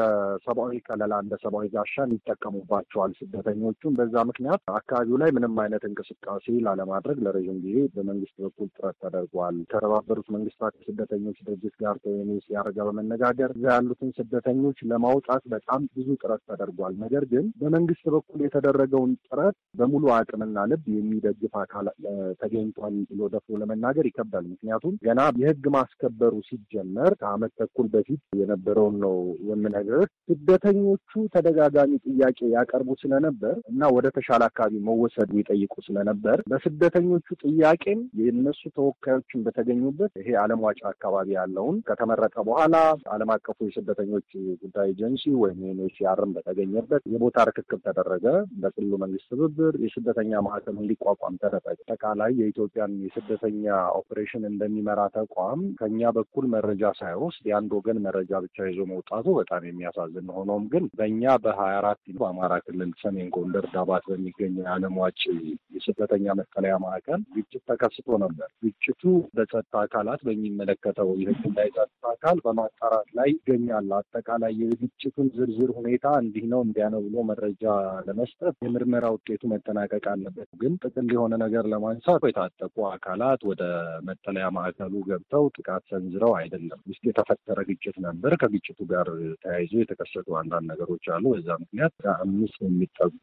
ሰብአዊ ከለላ እንደ ሰብአዊ ጋሻ ይጠቀሙባቸዋል ስደተኞቹን። በዛ ምክንያት አካባቢው ላይ ምንም አይነት እንቅስቃሴ ላለማድረግ ለረዥም ጊዜ በመንግስት በኩል ጥረት ተደርጓል። ከተባበሩት መንግስታት ስደተኞች ድርጅት ጋር ከዩኤንኤች ያደረጋ በመነጋገር እዛ ያሉትን ስደተኞች ለማውጣት በጣም ብዙ ጥረት ተደርጓል። ነገር ግን በመንግስት በኩል የተደረገውን ጥረት በሙሉ አቅምና ልብ የሚደግፍ አካል ተገኝቷል ብሎ ደፍሮ ለመናገር ይከብዳል። ምክንያቱም ገና የህግ ማስከበሩ ሲጀመር ከአመት ተኩል በፊት የነበረውን ነው የምነግርህ። ስደተኞቹ ተደጋጋሚ ጥያቄ ያቀርቡ ስለነበር እና ወደ ተሻለ አካባቢ መወሰዱ ይጠይቁ ስለነበር በስደተኞች የወላጆቹ ጥያቄም የእነሱ ተወካዮችን በተገኙበት ይሄ ዓለም ዋጭ አካባቢ ያለውን ከተመረጠ በኋላ ዓለም አቀፉ የስደተኞች ጉዳይ ኤጀንሲ ወይም ዩኤንኤችሲአርም በተገኘበት የቦታ ርክክብ ተደረገ። በክልሉ መንግስት ትብብር የስደተኛ ማዕከል እንዲቋቋም ተደረገ። አጠቃላይ የኢትዮጵያን የስደተኛ ኦፕሬሽን እንደሚመራ ተቋም ከኛ በኩል መረጃ ሳይወስድ የአንድ ወገን መረጃ ብቻ ይዞ መውጣቱ በጣም የሚያሳዝን ሆኖም ግን በእኛ በሀያ አራት በአማራ ክልል ሰሜን ጎንደር ዳባት በሚገኘው የዓለም ዋጭ የስደተኛ መጠለያ ማዕከል ቀን ግጭት ተከስቶ ነበር። ግጭቱ በጸጥታ አካላት በሚመለከተው የህግና የጸጥታ አካል በማጣራት ላይ ይገኛል። አጠቃላይ የግጭቱን ዝርዝር ሁኔታ እንዲህ ነው እንዲያ ነው ብሎ መረጃ ለመስጠት የምርመራ ውጤቱ መጠናቀቅ አለበት። ግን ጥቅል የሆነ ነገር ለማንሳት የታጠቁ አካላት ወደ መጠለያ ማዕከሉ ገብተው ጥቃት ሰንዝረው አይደለም። ውስጥ የተፈጠረ ግጭት ነበር። ከግጭቱ ጋር ተያይዞ የተከሰቱ አንዳንድ ነገሮች አሉ። በዛ ምክንያት አምስት የሚጠጉ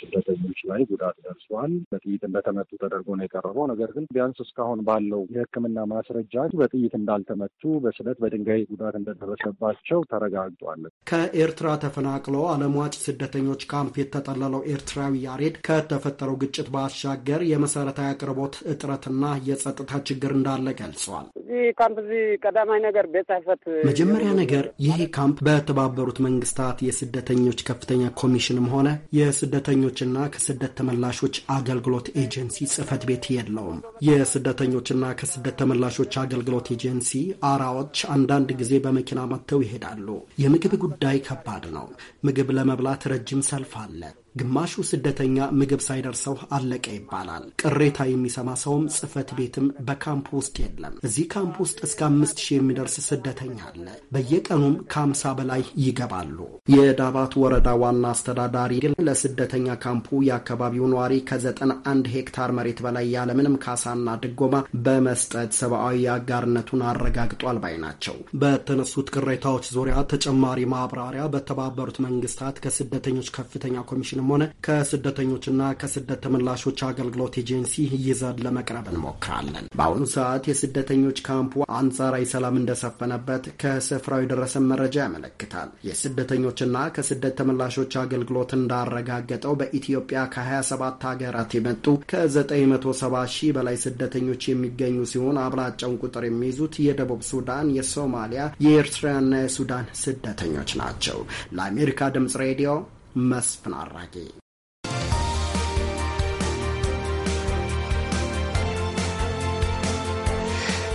ስደተኞች ላይ ጉዳት ደርሷል። በጥይት እንደተመቱ ተደርጎ ነው የቀረበው። ነገር ግን ቢያንስ እስካሁን ባለው የሕክምና ማስረጃ በጥይት እንዳልተመቱ፣ በስለት በድንጋይ ጉዳት እንደደረሰባቸው ተረጋግጧል። ከኤርትራ ተፈናቅሎ ዓለም ዋጭ ስደተኞች ካምፕ የተጠለለው ኤርትራዊ ያሬድ ከተፈጠረው ግጭት ባሻገር የመሰረታዊ አቅርቦት እጥረትና የጸጥታ ችግር እንዳለ ገልጸዋል። ቀዳማይ ነገር ቤት ጽሕፈት መጀመሪያ ነገር ይሄ ካምፕ በተባበሩት መንግስታት የስደተኞች ከፍተኛ ኮሚሽንም ሆነ የስደተኞችና ከስደት ተመላሾች አገልግሎት ኤጀንሲ ጽህፈት ቤት የለውም። የስደተኞችና ከስደት ተመላሾች አገልግሎት ኤጀንሲ አራዎች አንዳንድ ጊዜ በመኪና መጥተው ይሄዳሉ። የምግብ ጉዳይ ከባድ ነው። ምግብ ለመብላት ረጅም ሰልፍ አለ። ግማሹ ስደተኛ ምግብ ሳይደርሰው አለቀ ይባላል። ቅሬታ የሚሰማ ሰውም ጽህፈት ቤትም በካምፕ ውስጥ የለም። እዚህ ካምፕ ውስጥ እስከ አምስት ሺህ የሚደርስ ስደተኛ አለ። በየቀኑም ከአምሳ በላይ ይገባሉ። የዳባት ወረዳ ዋና አስተዳዳሪ ግን ለስደተኛ ካምፑ የአካባቢው ነዋሪ ከዘጠና አንድ ሄክታር መሬት በላይ ያለምንም ካሳና ድጎማ በመስጠት ሰብአዊ አጋርነቱን አረጋግጧል ባይ ናቸው። በተነሱት ቅሬታዎች ዙሪያ ተጨማሪ ማብራሪያ በተባበሩት መንግስታት ከስደተኞች ከፍተኛ ኮሚሽን ጋርም ሆነ ከስደተኞችና ከስደት ተመላሾች አገልግሎት ኤጀንሲ ይዘን ለመቅረብ እንሞክራለን። በአሁኑ ሰዓት የስደተኞች ካምፑ አንጻራዊ ሰላም እንደሰፈነበት ከስፍራው የደረሰ መረጃ ያመለክታል። የስደተኞችና ከስደት ተመላሾች አገልግሎት እንዳረጋገጠው በኢትዮጵያ ከ27 ሀገራት የመጡ ከ970 ሺህ በላይ ስደተኞች የሚገኙ ሲሆን አብላጫውን ቁጥር የሚይዙት የደቡብ ሱዳን፣ የሶማሊያ፣ የኤርትራና የሱዳን ስደተኞች ናቸው። ለአሜሪካ ድምጽ ሬዲዮ መስፍን አራጌ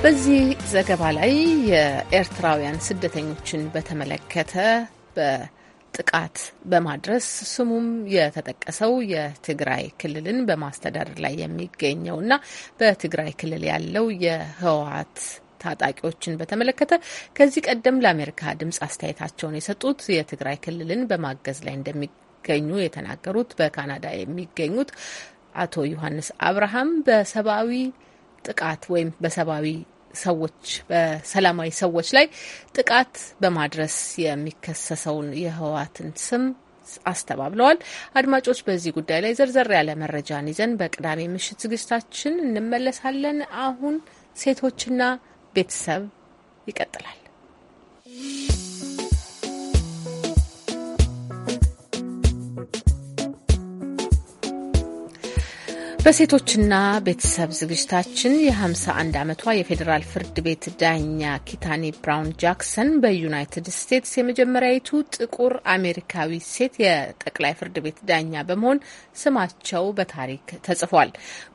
በዚህ ዘገባ ላይ የኤርትራውያን ስደተኞችን በተመለከተ በጥቃት በማድረስ ስሙም የተጠቀሰው የትግራይ ክልልን በማስተዳደር ላይ የሚገኘውና በትግራይ ክልል ያለው የህወሓት ታጣቂዎችን በተመለከተ ከዚህ ቀደም ለአሜሪካ ድምጽ አስተያየታቸውን የሰጡት የትግራይ ክልልን በማገዝ ላይ እንደሚገኙ የተናገሩት በካናዳ የሚገኙት አቶ ዮሐንስ አብርሃም በሰብአዊ ጥቃት ወይም በሰብአዊ ሰዎች በሰላማዊ ሰዎች ላይ ጥቃት በማድረስ የሚከሰሰውን የህወሓትን ስም አስተባብለዋል። አድማጮች፣ በዚህ ጉዳይ ላይ ዘርዘር ያለ መረጃን ይዘን በቅዳሜ ምሽት ዝግጅታችን እንመለሳለን። አሁን ሴቶችና ቤተሰብ ይቀጥላል። በሴቶችና ቤተሰብ ዝግጅታችን የ51 ዓመቷ የፌዴራል ፍርድ ቤት ዳኛ ኪታኒ ብራውን ጃክሰን በዩናይትድ ስቴትስ የመጀመሪያዊቱ ጥቁር አሜሪካዊ ሴት የጠቅላይ ፍርድ ቤት ዳኛ በመሆን ስማቸው በታሪክ ተጽፏል።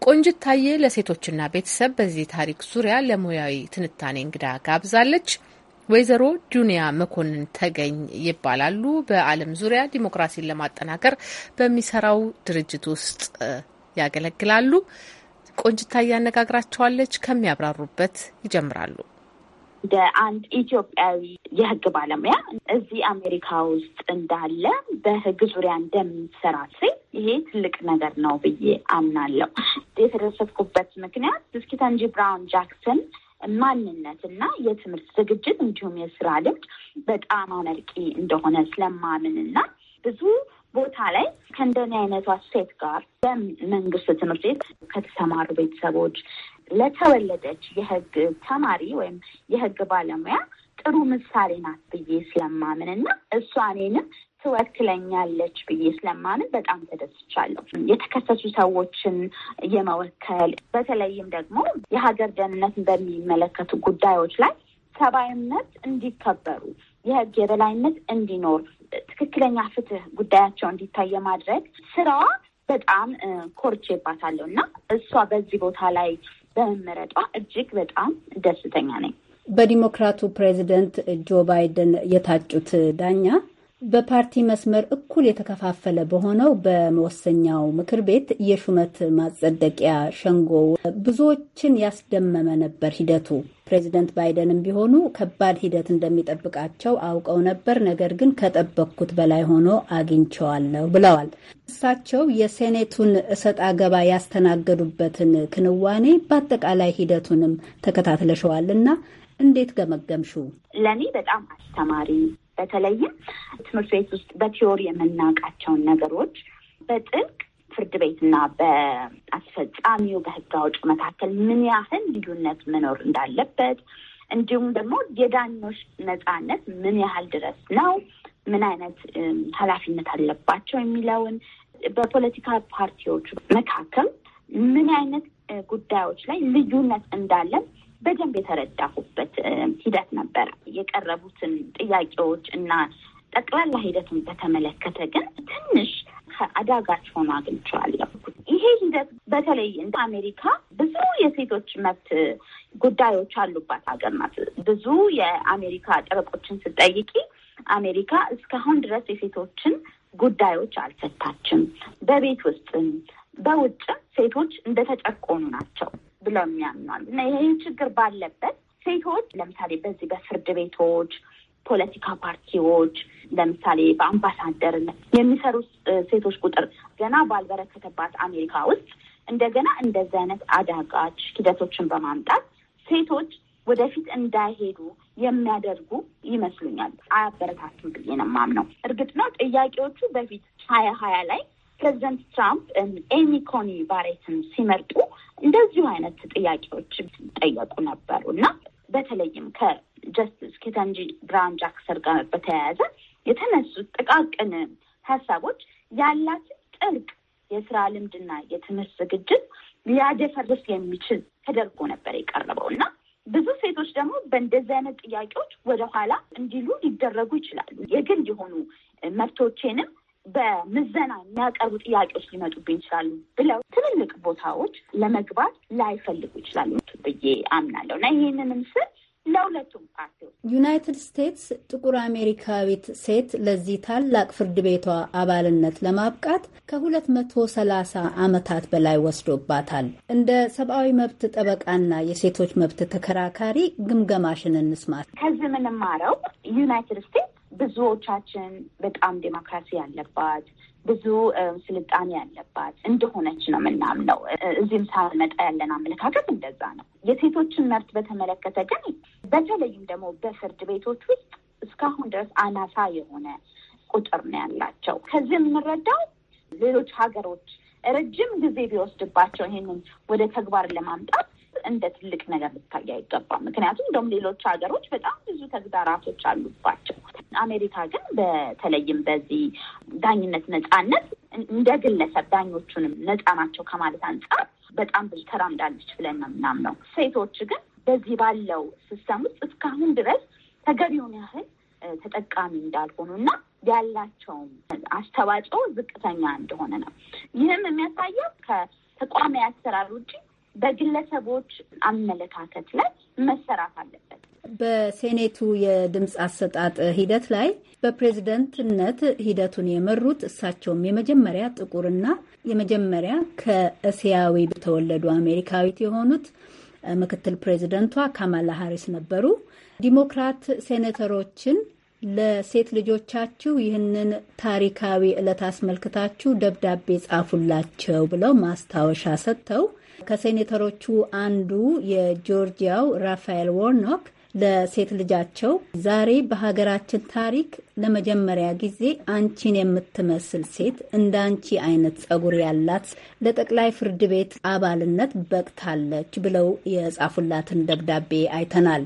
ቆንጅት ታየ ለሴቶችና ቤተሰብ በዚህ ታሪክ ዙሪያ ለሙያዊ ትንታኔ እንግዳ ጋብዛለች። ወይዘሮ ዱንያ መኮንን ተገኝ ይባላሉ። በዓለም ዙሪያ ዲሞክራሲን ለማጠናከር በሚሰራው ድርጅት ውስጥ ያገለግላሉ። ቆንጅታ እያነጋግራቸዋለች። ከሚያብራሩበት ይጀምራሉ። እንደ አንድ ኢትዮጵያዊ የህግ ባለሙያ እዚህ አሜሪካ ውስጥ እንዳለ በህግ ዙሪያ እንደምትሰራ ሴት ይሄ ትልቅ ነገር ነው ብዬ አምናለሁ። የተደሰትኩበት ምክንያት እስኪተንጂ ብራውን ጃክሰን ማንነት እና የትምህርት ዝግጅት እንዲሁም የስራ ልምድ በጣም አመርቂ እንደሆነ ስለማምን እና ብዙ ቦታ ላይ ከእንደዚህ አይነቷ ሴት ጋር በመንግስት ትምህርት ቤት ከተሰማሩ ቤተሰቦች ለተወለደች የህግ ተማሪ ወይም የህግ ባለሙያ ጥሩ ምሳሌ ናት ብዬ ስለማምን እና እሷ እኔንም ትወክለኛለች ብዬ ስለማምን በጣም ተደስቻለሁ። የተከሰሱ ሰዎችን የመወከል በተለይም ደግሞ የሀገር ደህንነትን በሚመለከቱ ጉዳዮች ላይ ሰብአዊነት እንዲከበሩ የህግ የበላይነት እንዲኖር ትክክለኛ ፍትህ ጉዳያቸው እንዲታይ የማድረግ ስራዋ በጣም ኮርቼባታለሁ እና እሷ በዚህ ቦታ ላይ በመመረጧ እጅግ በጣም ደስተኛ ነኝ። በዲሞክራቱ ፕሬዚደንት ጆ ባይደን የታጩት ዳኛ በፓርቲ መስመር እኩል የተከፋፈለ በሆነው በመወሰኛው ምክር ቤት የሹመት ማጸደቂያ ሸንጎ ብዙዎችን ያስደመመ ነበር ሂደቱ። ፕሬዚደንት ባይደንም ቢሆኑ ከባድ ሂደት እንደሚጠብቃቸው አውቀው ነበር፣ ነገር ግን ከጠበቅኩት በላይ ሆኖ አግኝቸዋለሁ ብለዋል። እሳቸው የሴኔቱን እሰጥ አገባ ያስተናገዱበትን ክንዋኔ በአጠቃላይ ሂደቱንም ተከታትለሸዋልና እንዴት ገመገምሹ? ለእኔ በጣም አስተማሪ በተለይም ትምህርት ቤት ውስጥ በቲዮሪ የምናውቃቸውን ነገሮች በጥልቅ ፍርድ ቤትና በአስፈጻሚው በህግ አውጭ መካከል ምን ያህል ልዩነት መኖር እንዳለበት እንዲሁም ደግሞ የዳኞች ነፃነት ምን ያህል ድረስ ነው፣ ምን አይነት ኃላፊነት አለባቸው የሚለውን በፖለቲካ ፓርቲዎች መካከል ምን አይነት ጉዳዮች ላይ ልዩነት እንዳለን በደንብ የተረዳሁበት ሂደት ነበረ። የቀረቡትን ጥያቄዎች እና ጠቅላላ ሂደቱን በተመለከተ ግን ትንሽ አዳጋች ሆኖ አግኝቼዋለሁ። ይሄ ሂደት በተለይ እንደ አሜሪካ ብዙ የሴቶች መብት ጉዳዮች አሉባት ሀገር ናት። ብዙ የአሜሪካ ጠበቆችን ስጠይቂ አሜሪካ እስካሁን ድረስ የሴቶችን ጉዳዮች አልፈታችም። በቤት ውስጥም በውጭም ሴቶች እንደተጨቆኑ ናቸው። ብለው የሚያምኗል እና ይህ ችግር ባለበት ሴቶች ለምሳሌ በዚህ በፍርድ ቤቶች፣ ፖለቲካ ፓርቲዎች ለምሳሌ በአምባሳደርነት የሚሰሩ ሴቶች ቁጥር ገና ባልበረከተባት አሜሪካ ውስጥ እንደገና እንደዚህ አይነት አዳጋች ሂደቶችን በማምጣት ሴቶች ወደፊት እንዳይሄዱ የሚያደርጉ ይመስሉኛል። አያበረታቱም ብዬ ነው የማምነው። እርግጥ ነው ጥያቄዎቹ በፊት ሀያ ሀያ ላይ ፕሬዚደንት ትራምፕ ኤሚ ኮኒ ባሬትን ሲመርጡ እንደዚሁ አይነት ጥያቄዎች ጠየቁ ነበሩ እና በተለይም ከጀስትስ ኬተንጂ ብራን ጃክሰን ጋር በተያያዘ የተነሱት ጥቃቅን ሀሳቦች ያላትን ጥልቅ የስራ ልምድና የትምህርት ዝግጅት ሊያደፈርስ የሚችል ተደርጎ ነበር የቀረበው እና ብዙ ሴቶች ደግሞ በእንደዚህ አይነት ጥያቄዎች ወደኋላ እንዲሉ ሊደረጉ ይችላሉ። የግል የሆኑ መብቶቼንም በምዘና የሚያቀርቡ ጥያቄዎች ሊመጡብኝ ይችላሉ ብለው ትልልቅ ቦታዎች ለመግባት ላይፈልጉ ይችላሉ ብዬ አምናለሁ እና ይህንንም ስል ለሁለቱም ፓርቲዎች ዩናይትድ ስቴትስ ጥቁር አሜሪካዊት ሴት ለዚህ ታላቅ ፍርድ ቤቷ አባልነት ለማብቃት ከ230 ዓመታት በላይ ወስዶባታል። እንደ ሰብአዊ መብት ጠበቃና የሴቶች መብት ተከራካሪ ግምገማሽን እንስማት። ከዚህ የምንማረው ዩናይትድ ስቴትስ ብዙዎቻችን በጣም ዴሞክራሲ ያለባት ብዙ ስልጣኔ ያለባት እንደሆነች ነው የምናምነው። እዚህም ሳመጣ ያለን አመለካከት እንደዛ ነው። የሴቶችን መብት በተመለከተ ግን በተለይም ደግሞ በፍርድ ቤቶች ውስጥ እስካሁን ድረስ አናሳ የሆነ ቁጥር ነው ያላቸው። ከዚህ የምንረዳው ሌሎች ሀገሮች ረጅም ጊዜ ቢወስድባቸው ይሄንን ወደ ተግባር ለማምጣት እንደ ትልቅ ነገር ልታይ አይገባም። ምክንያቱም እንደውም ሌሎች ሀገሮች በጣም ብዙ ተግዳራቶች አሉባቸው። አሜሪካ ግን በተለይም በዚህ ዳኝነት ነጻነት እንደ ግለሰብ ዳኞቹንም ነጻ ናቸው ከማለት አንጻር በጣም ብዙ ተራምዳለች ብለን ነው የምናምነው። ሴቶች ግን በዚህ ባለው ሲስተም ውስጥ እስካሁን ድረስ ተገቢውን ያህል ተጠቃሚ እንዳልሆኑ እና ያላቸውም አስተዋጽኦ ዝቅተኛ እንደሆነ ነው። ይህም የሚያሳየው ከተቋሚ አሰራር ውጭ በግለሰቦች አመለካከት ላይ መሰራት አለበት። በሴኔቱ የድምፅ አሰጣጥ ሂደት ላይ በፕሬዝደንትነት ሂደቱን የመሩት እሳቸውም የመጀመሪያ ጥቁርና የመጀመሪያ ከእስያዊ የተወለዱ አሜሪካዊት የሆኑት ምክትል ፕሬዝደንቷ ካማላ ሃሪስ ነበሩ። ዲሞክራት ሴኔተሮችን ለሴት ልጆቻችሁ ይህንን ታሪካዊ ዕለት አስመልክታችሁ ደብዳቤ ጻፉላቸው ብለው ማስታወሻ ሰጥተው ከሴኔተሮቹ አንዱ የጆርጂያው ራፋኤል ዎርኖክ ለሴት ልጃቸው ዛሬ በሀገራችን ታሪክ ለመጀመሪያ ጊዜ አንቺን የምትመስል ሴት እንደ አንቺ አይነት ጸጉር ያላት ለጠቅላይ ፍርድ ቤት አባልነት በቅታለች ብለው የጻፉላትን ደብዳቤ አይተናል።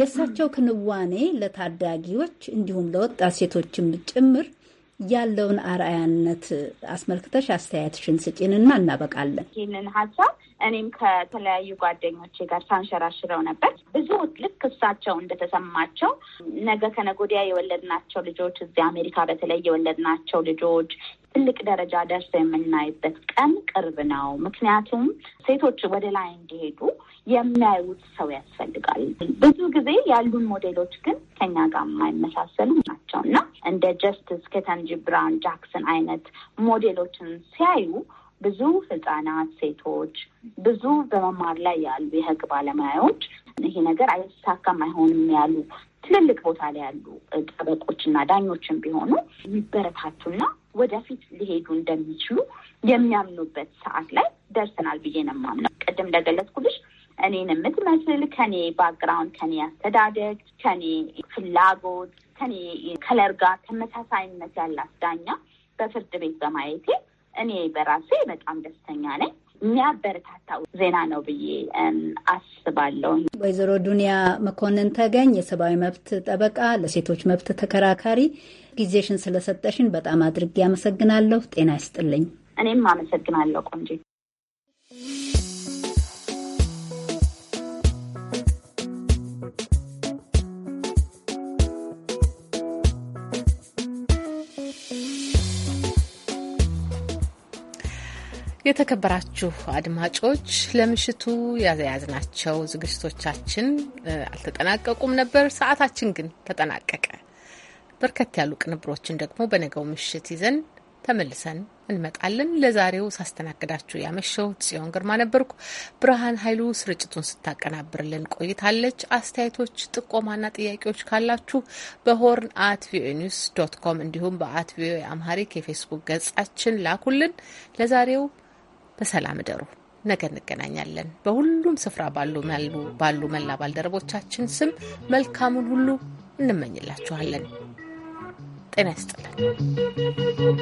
የእሳቸው ክንዋኔ ለታዳጊዎች እንዲሁም ለወጣት ሴቶችም ጭምር ያለውን አርአያነት አስመልክተሽ አስተያየትሽን ስጪንና እናበቃለን። ይህንን ሀሳብ እኔም ከተለያዩ ጓደኞቼ ጋር ሳንሸራሽረው ነበር። ብዙ ልክ እሳቸው እንደተሰማቸው ነገ ከነጎዲያ የወለድናቸው ልጆች እዚህ አሜሪካ በተለይ የወለድናቸው ልጆች ትልቅ ደረጃ ደርሰው የምናይበት ቀን ቅርብ ነው። ምክንያቱም ሴቶች ወደ ላይ እንዲሄዱ የሚያዩት ሰው ያስፈልጋል። ብዙ ጊዜ ያሉን ሞዴሎች ግን ከኛ ጋር የማይመሳሰሉ ናቸው እና እንደ ጀስትስ ኬተንጂ ብራን ጃክሰን አይነት ሞዴሎችን ሲያዩ ብዙ ህጻናት፣ ሴቶች፣ ብዙ በመማር ላይ ያሉ የህግ ባለሙያዎች ይሄ ነገር አይሳካም፣ አይሆንም ያሉ ትልልቅ ቦታ ላይ ያሉ ጠበቆችና ዳኞችን ቢሆኑ የሚበረታቱና ወደፊት ሊሄዱ እንደሚችሉ የሚያምኑበት ሰዓት ላይ ደርሰናል ብዬ ነው የማምነው። ቅድም እንደገለጽኩልሽ እኔን የምትመስል ከኔ ባክግራውንድ፣ ከኔ አስተዳደግ፣ ከኔ ፍላጎት፣ ከኔ ከለር ጋር ተመሳሳይነት ያላት ዳኛ በፍርድ ቤት በማየቴ እኔ በራሴ በጣም ደስተኛ ነኝ። የሚያበረታታው ዜና ነው ብዬ አስባለሁ። ወይዘሮ ዱኒያ መኮንን ተገኝ የሰብአዊ መብት ጠበቃ፣ ለሴቶች መብት ተከራካሪ፣ ጊዜሽን ስለሰጠሽን በጣም አድርጌ አመሰግናለሁ። ጤና ይስጥልኝ። እኔም አመሰግናለሁ ቆንጆ የተከበራችሁ አድማጮች ለምሽቱ ያዘያዝናቸው ዝግጅቶቻችን አልተጠናቀቁም ነበር። ሰዓታችን ግን ተጠናቀቀ። በርከት ያሉ ቅንብሮችን ደግሞ በነገው ምሽት ይዘን ተመልሰን እንመጣለን። ለዛሬው ሳስተናግዳችሁ ያመሸሁት ጽዮን ግርማ ነበርኩ። ብርሃን ኃይሉ ስርጭቱን ስታቀናብርልን ቆይታለች። አስተያየቶች፣ ጥቆማና ጥያቄዎች ካላችሁ በሆርን አት ቪኦኤ ኒውስ ዶት ኮም እንዲሁም በአት ቪኦኤ አምሃሪክ የፌስቡክ ገጻችን ላኩልን። ለዛሬው በሰላም እደሩ። ነገ እንገናኛለን። በሁሉም ስፍራ ባሉ ባሉ መላ ባልደረቦቻችን ስም መልካሙን ሁሉ እንመኝላችኋለን። ጤና ይስጥልን።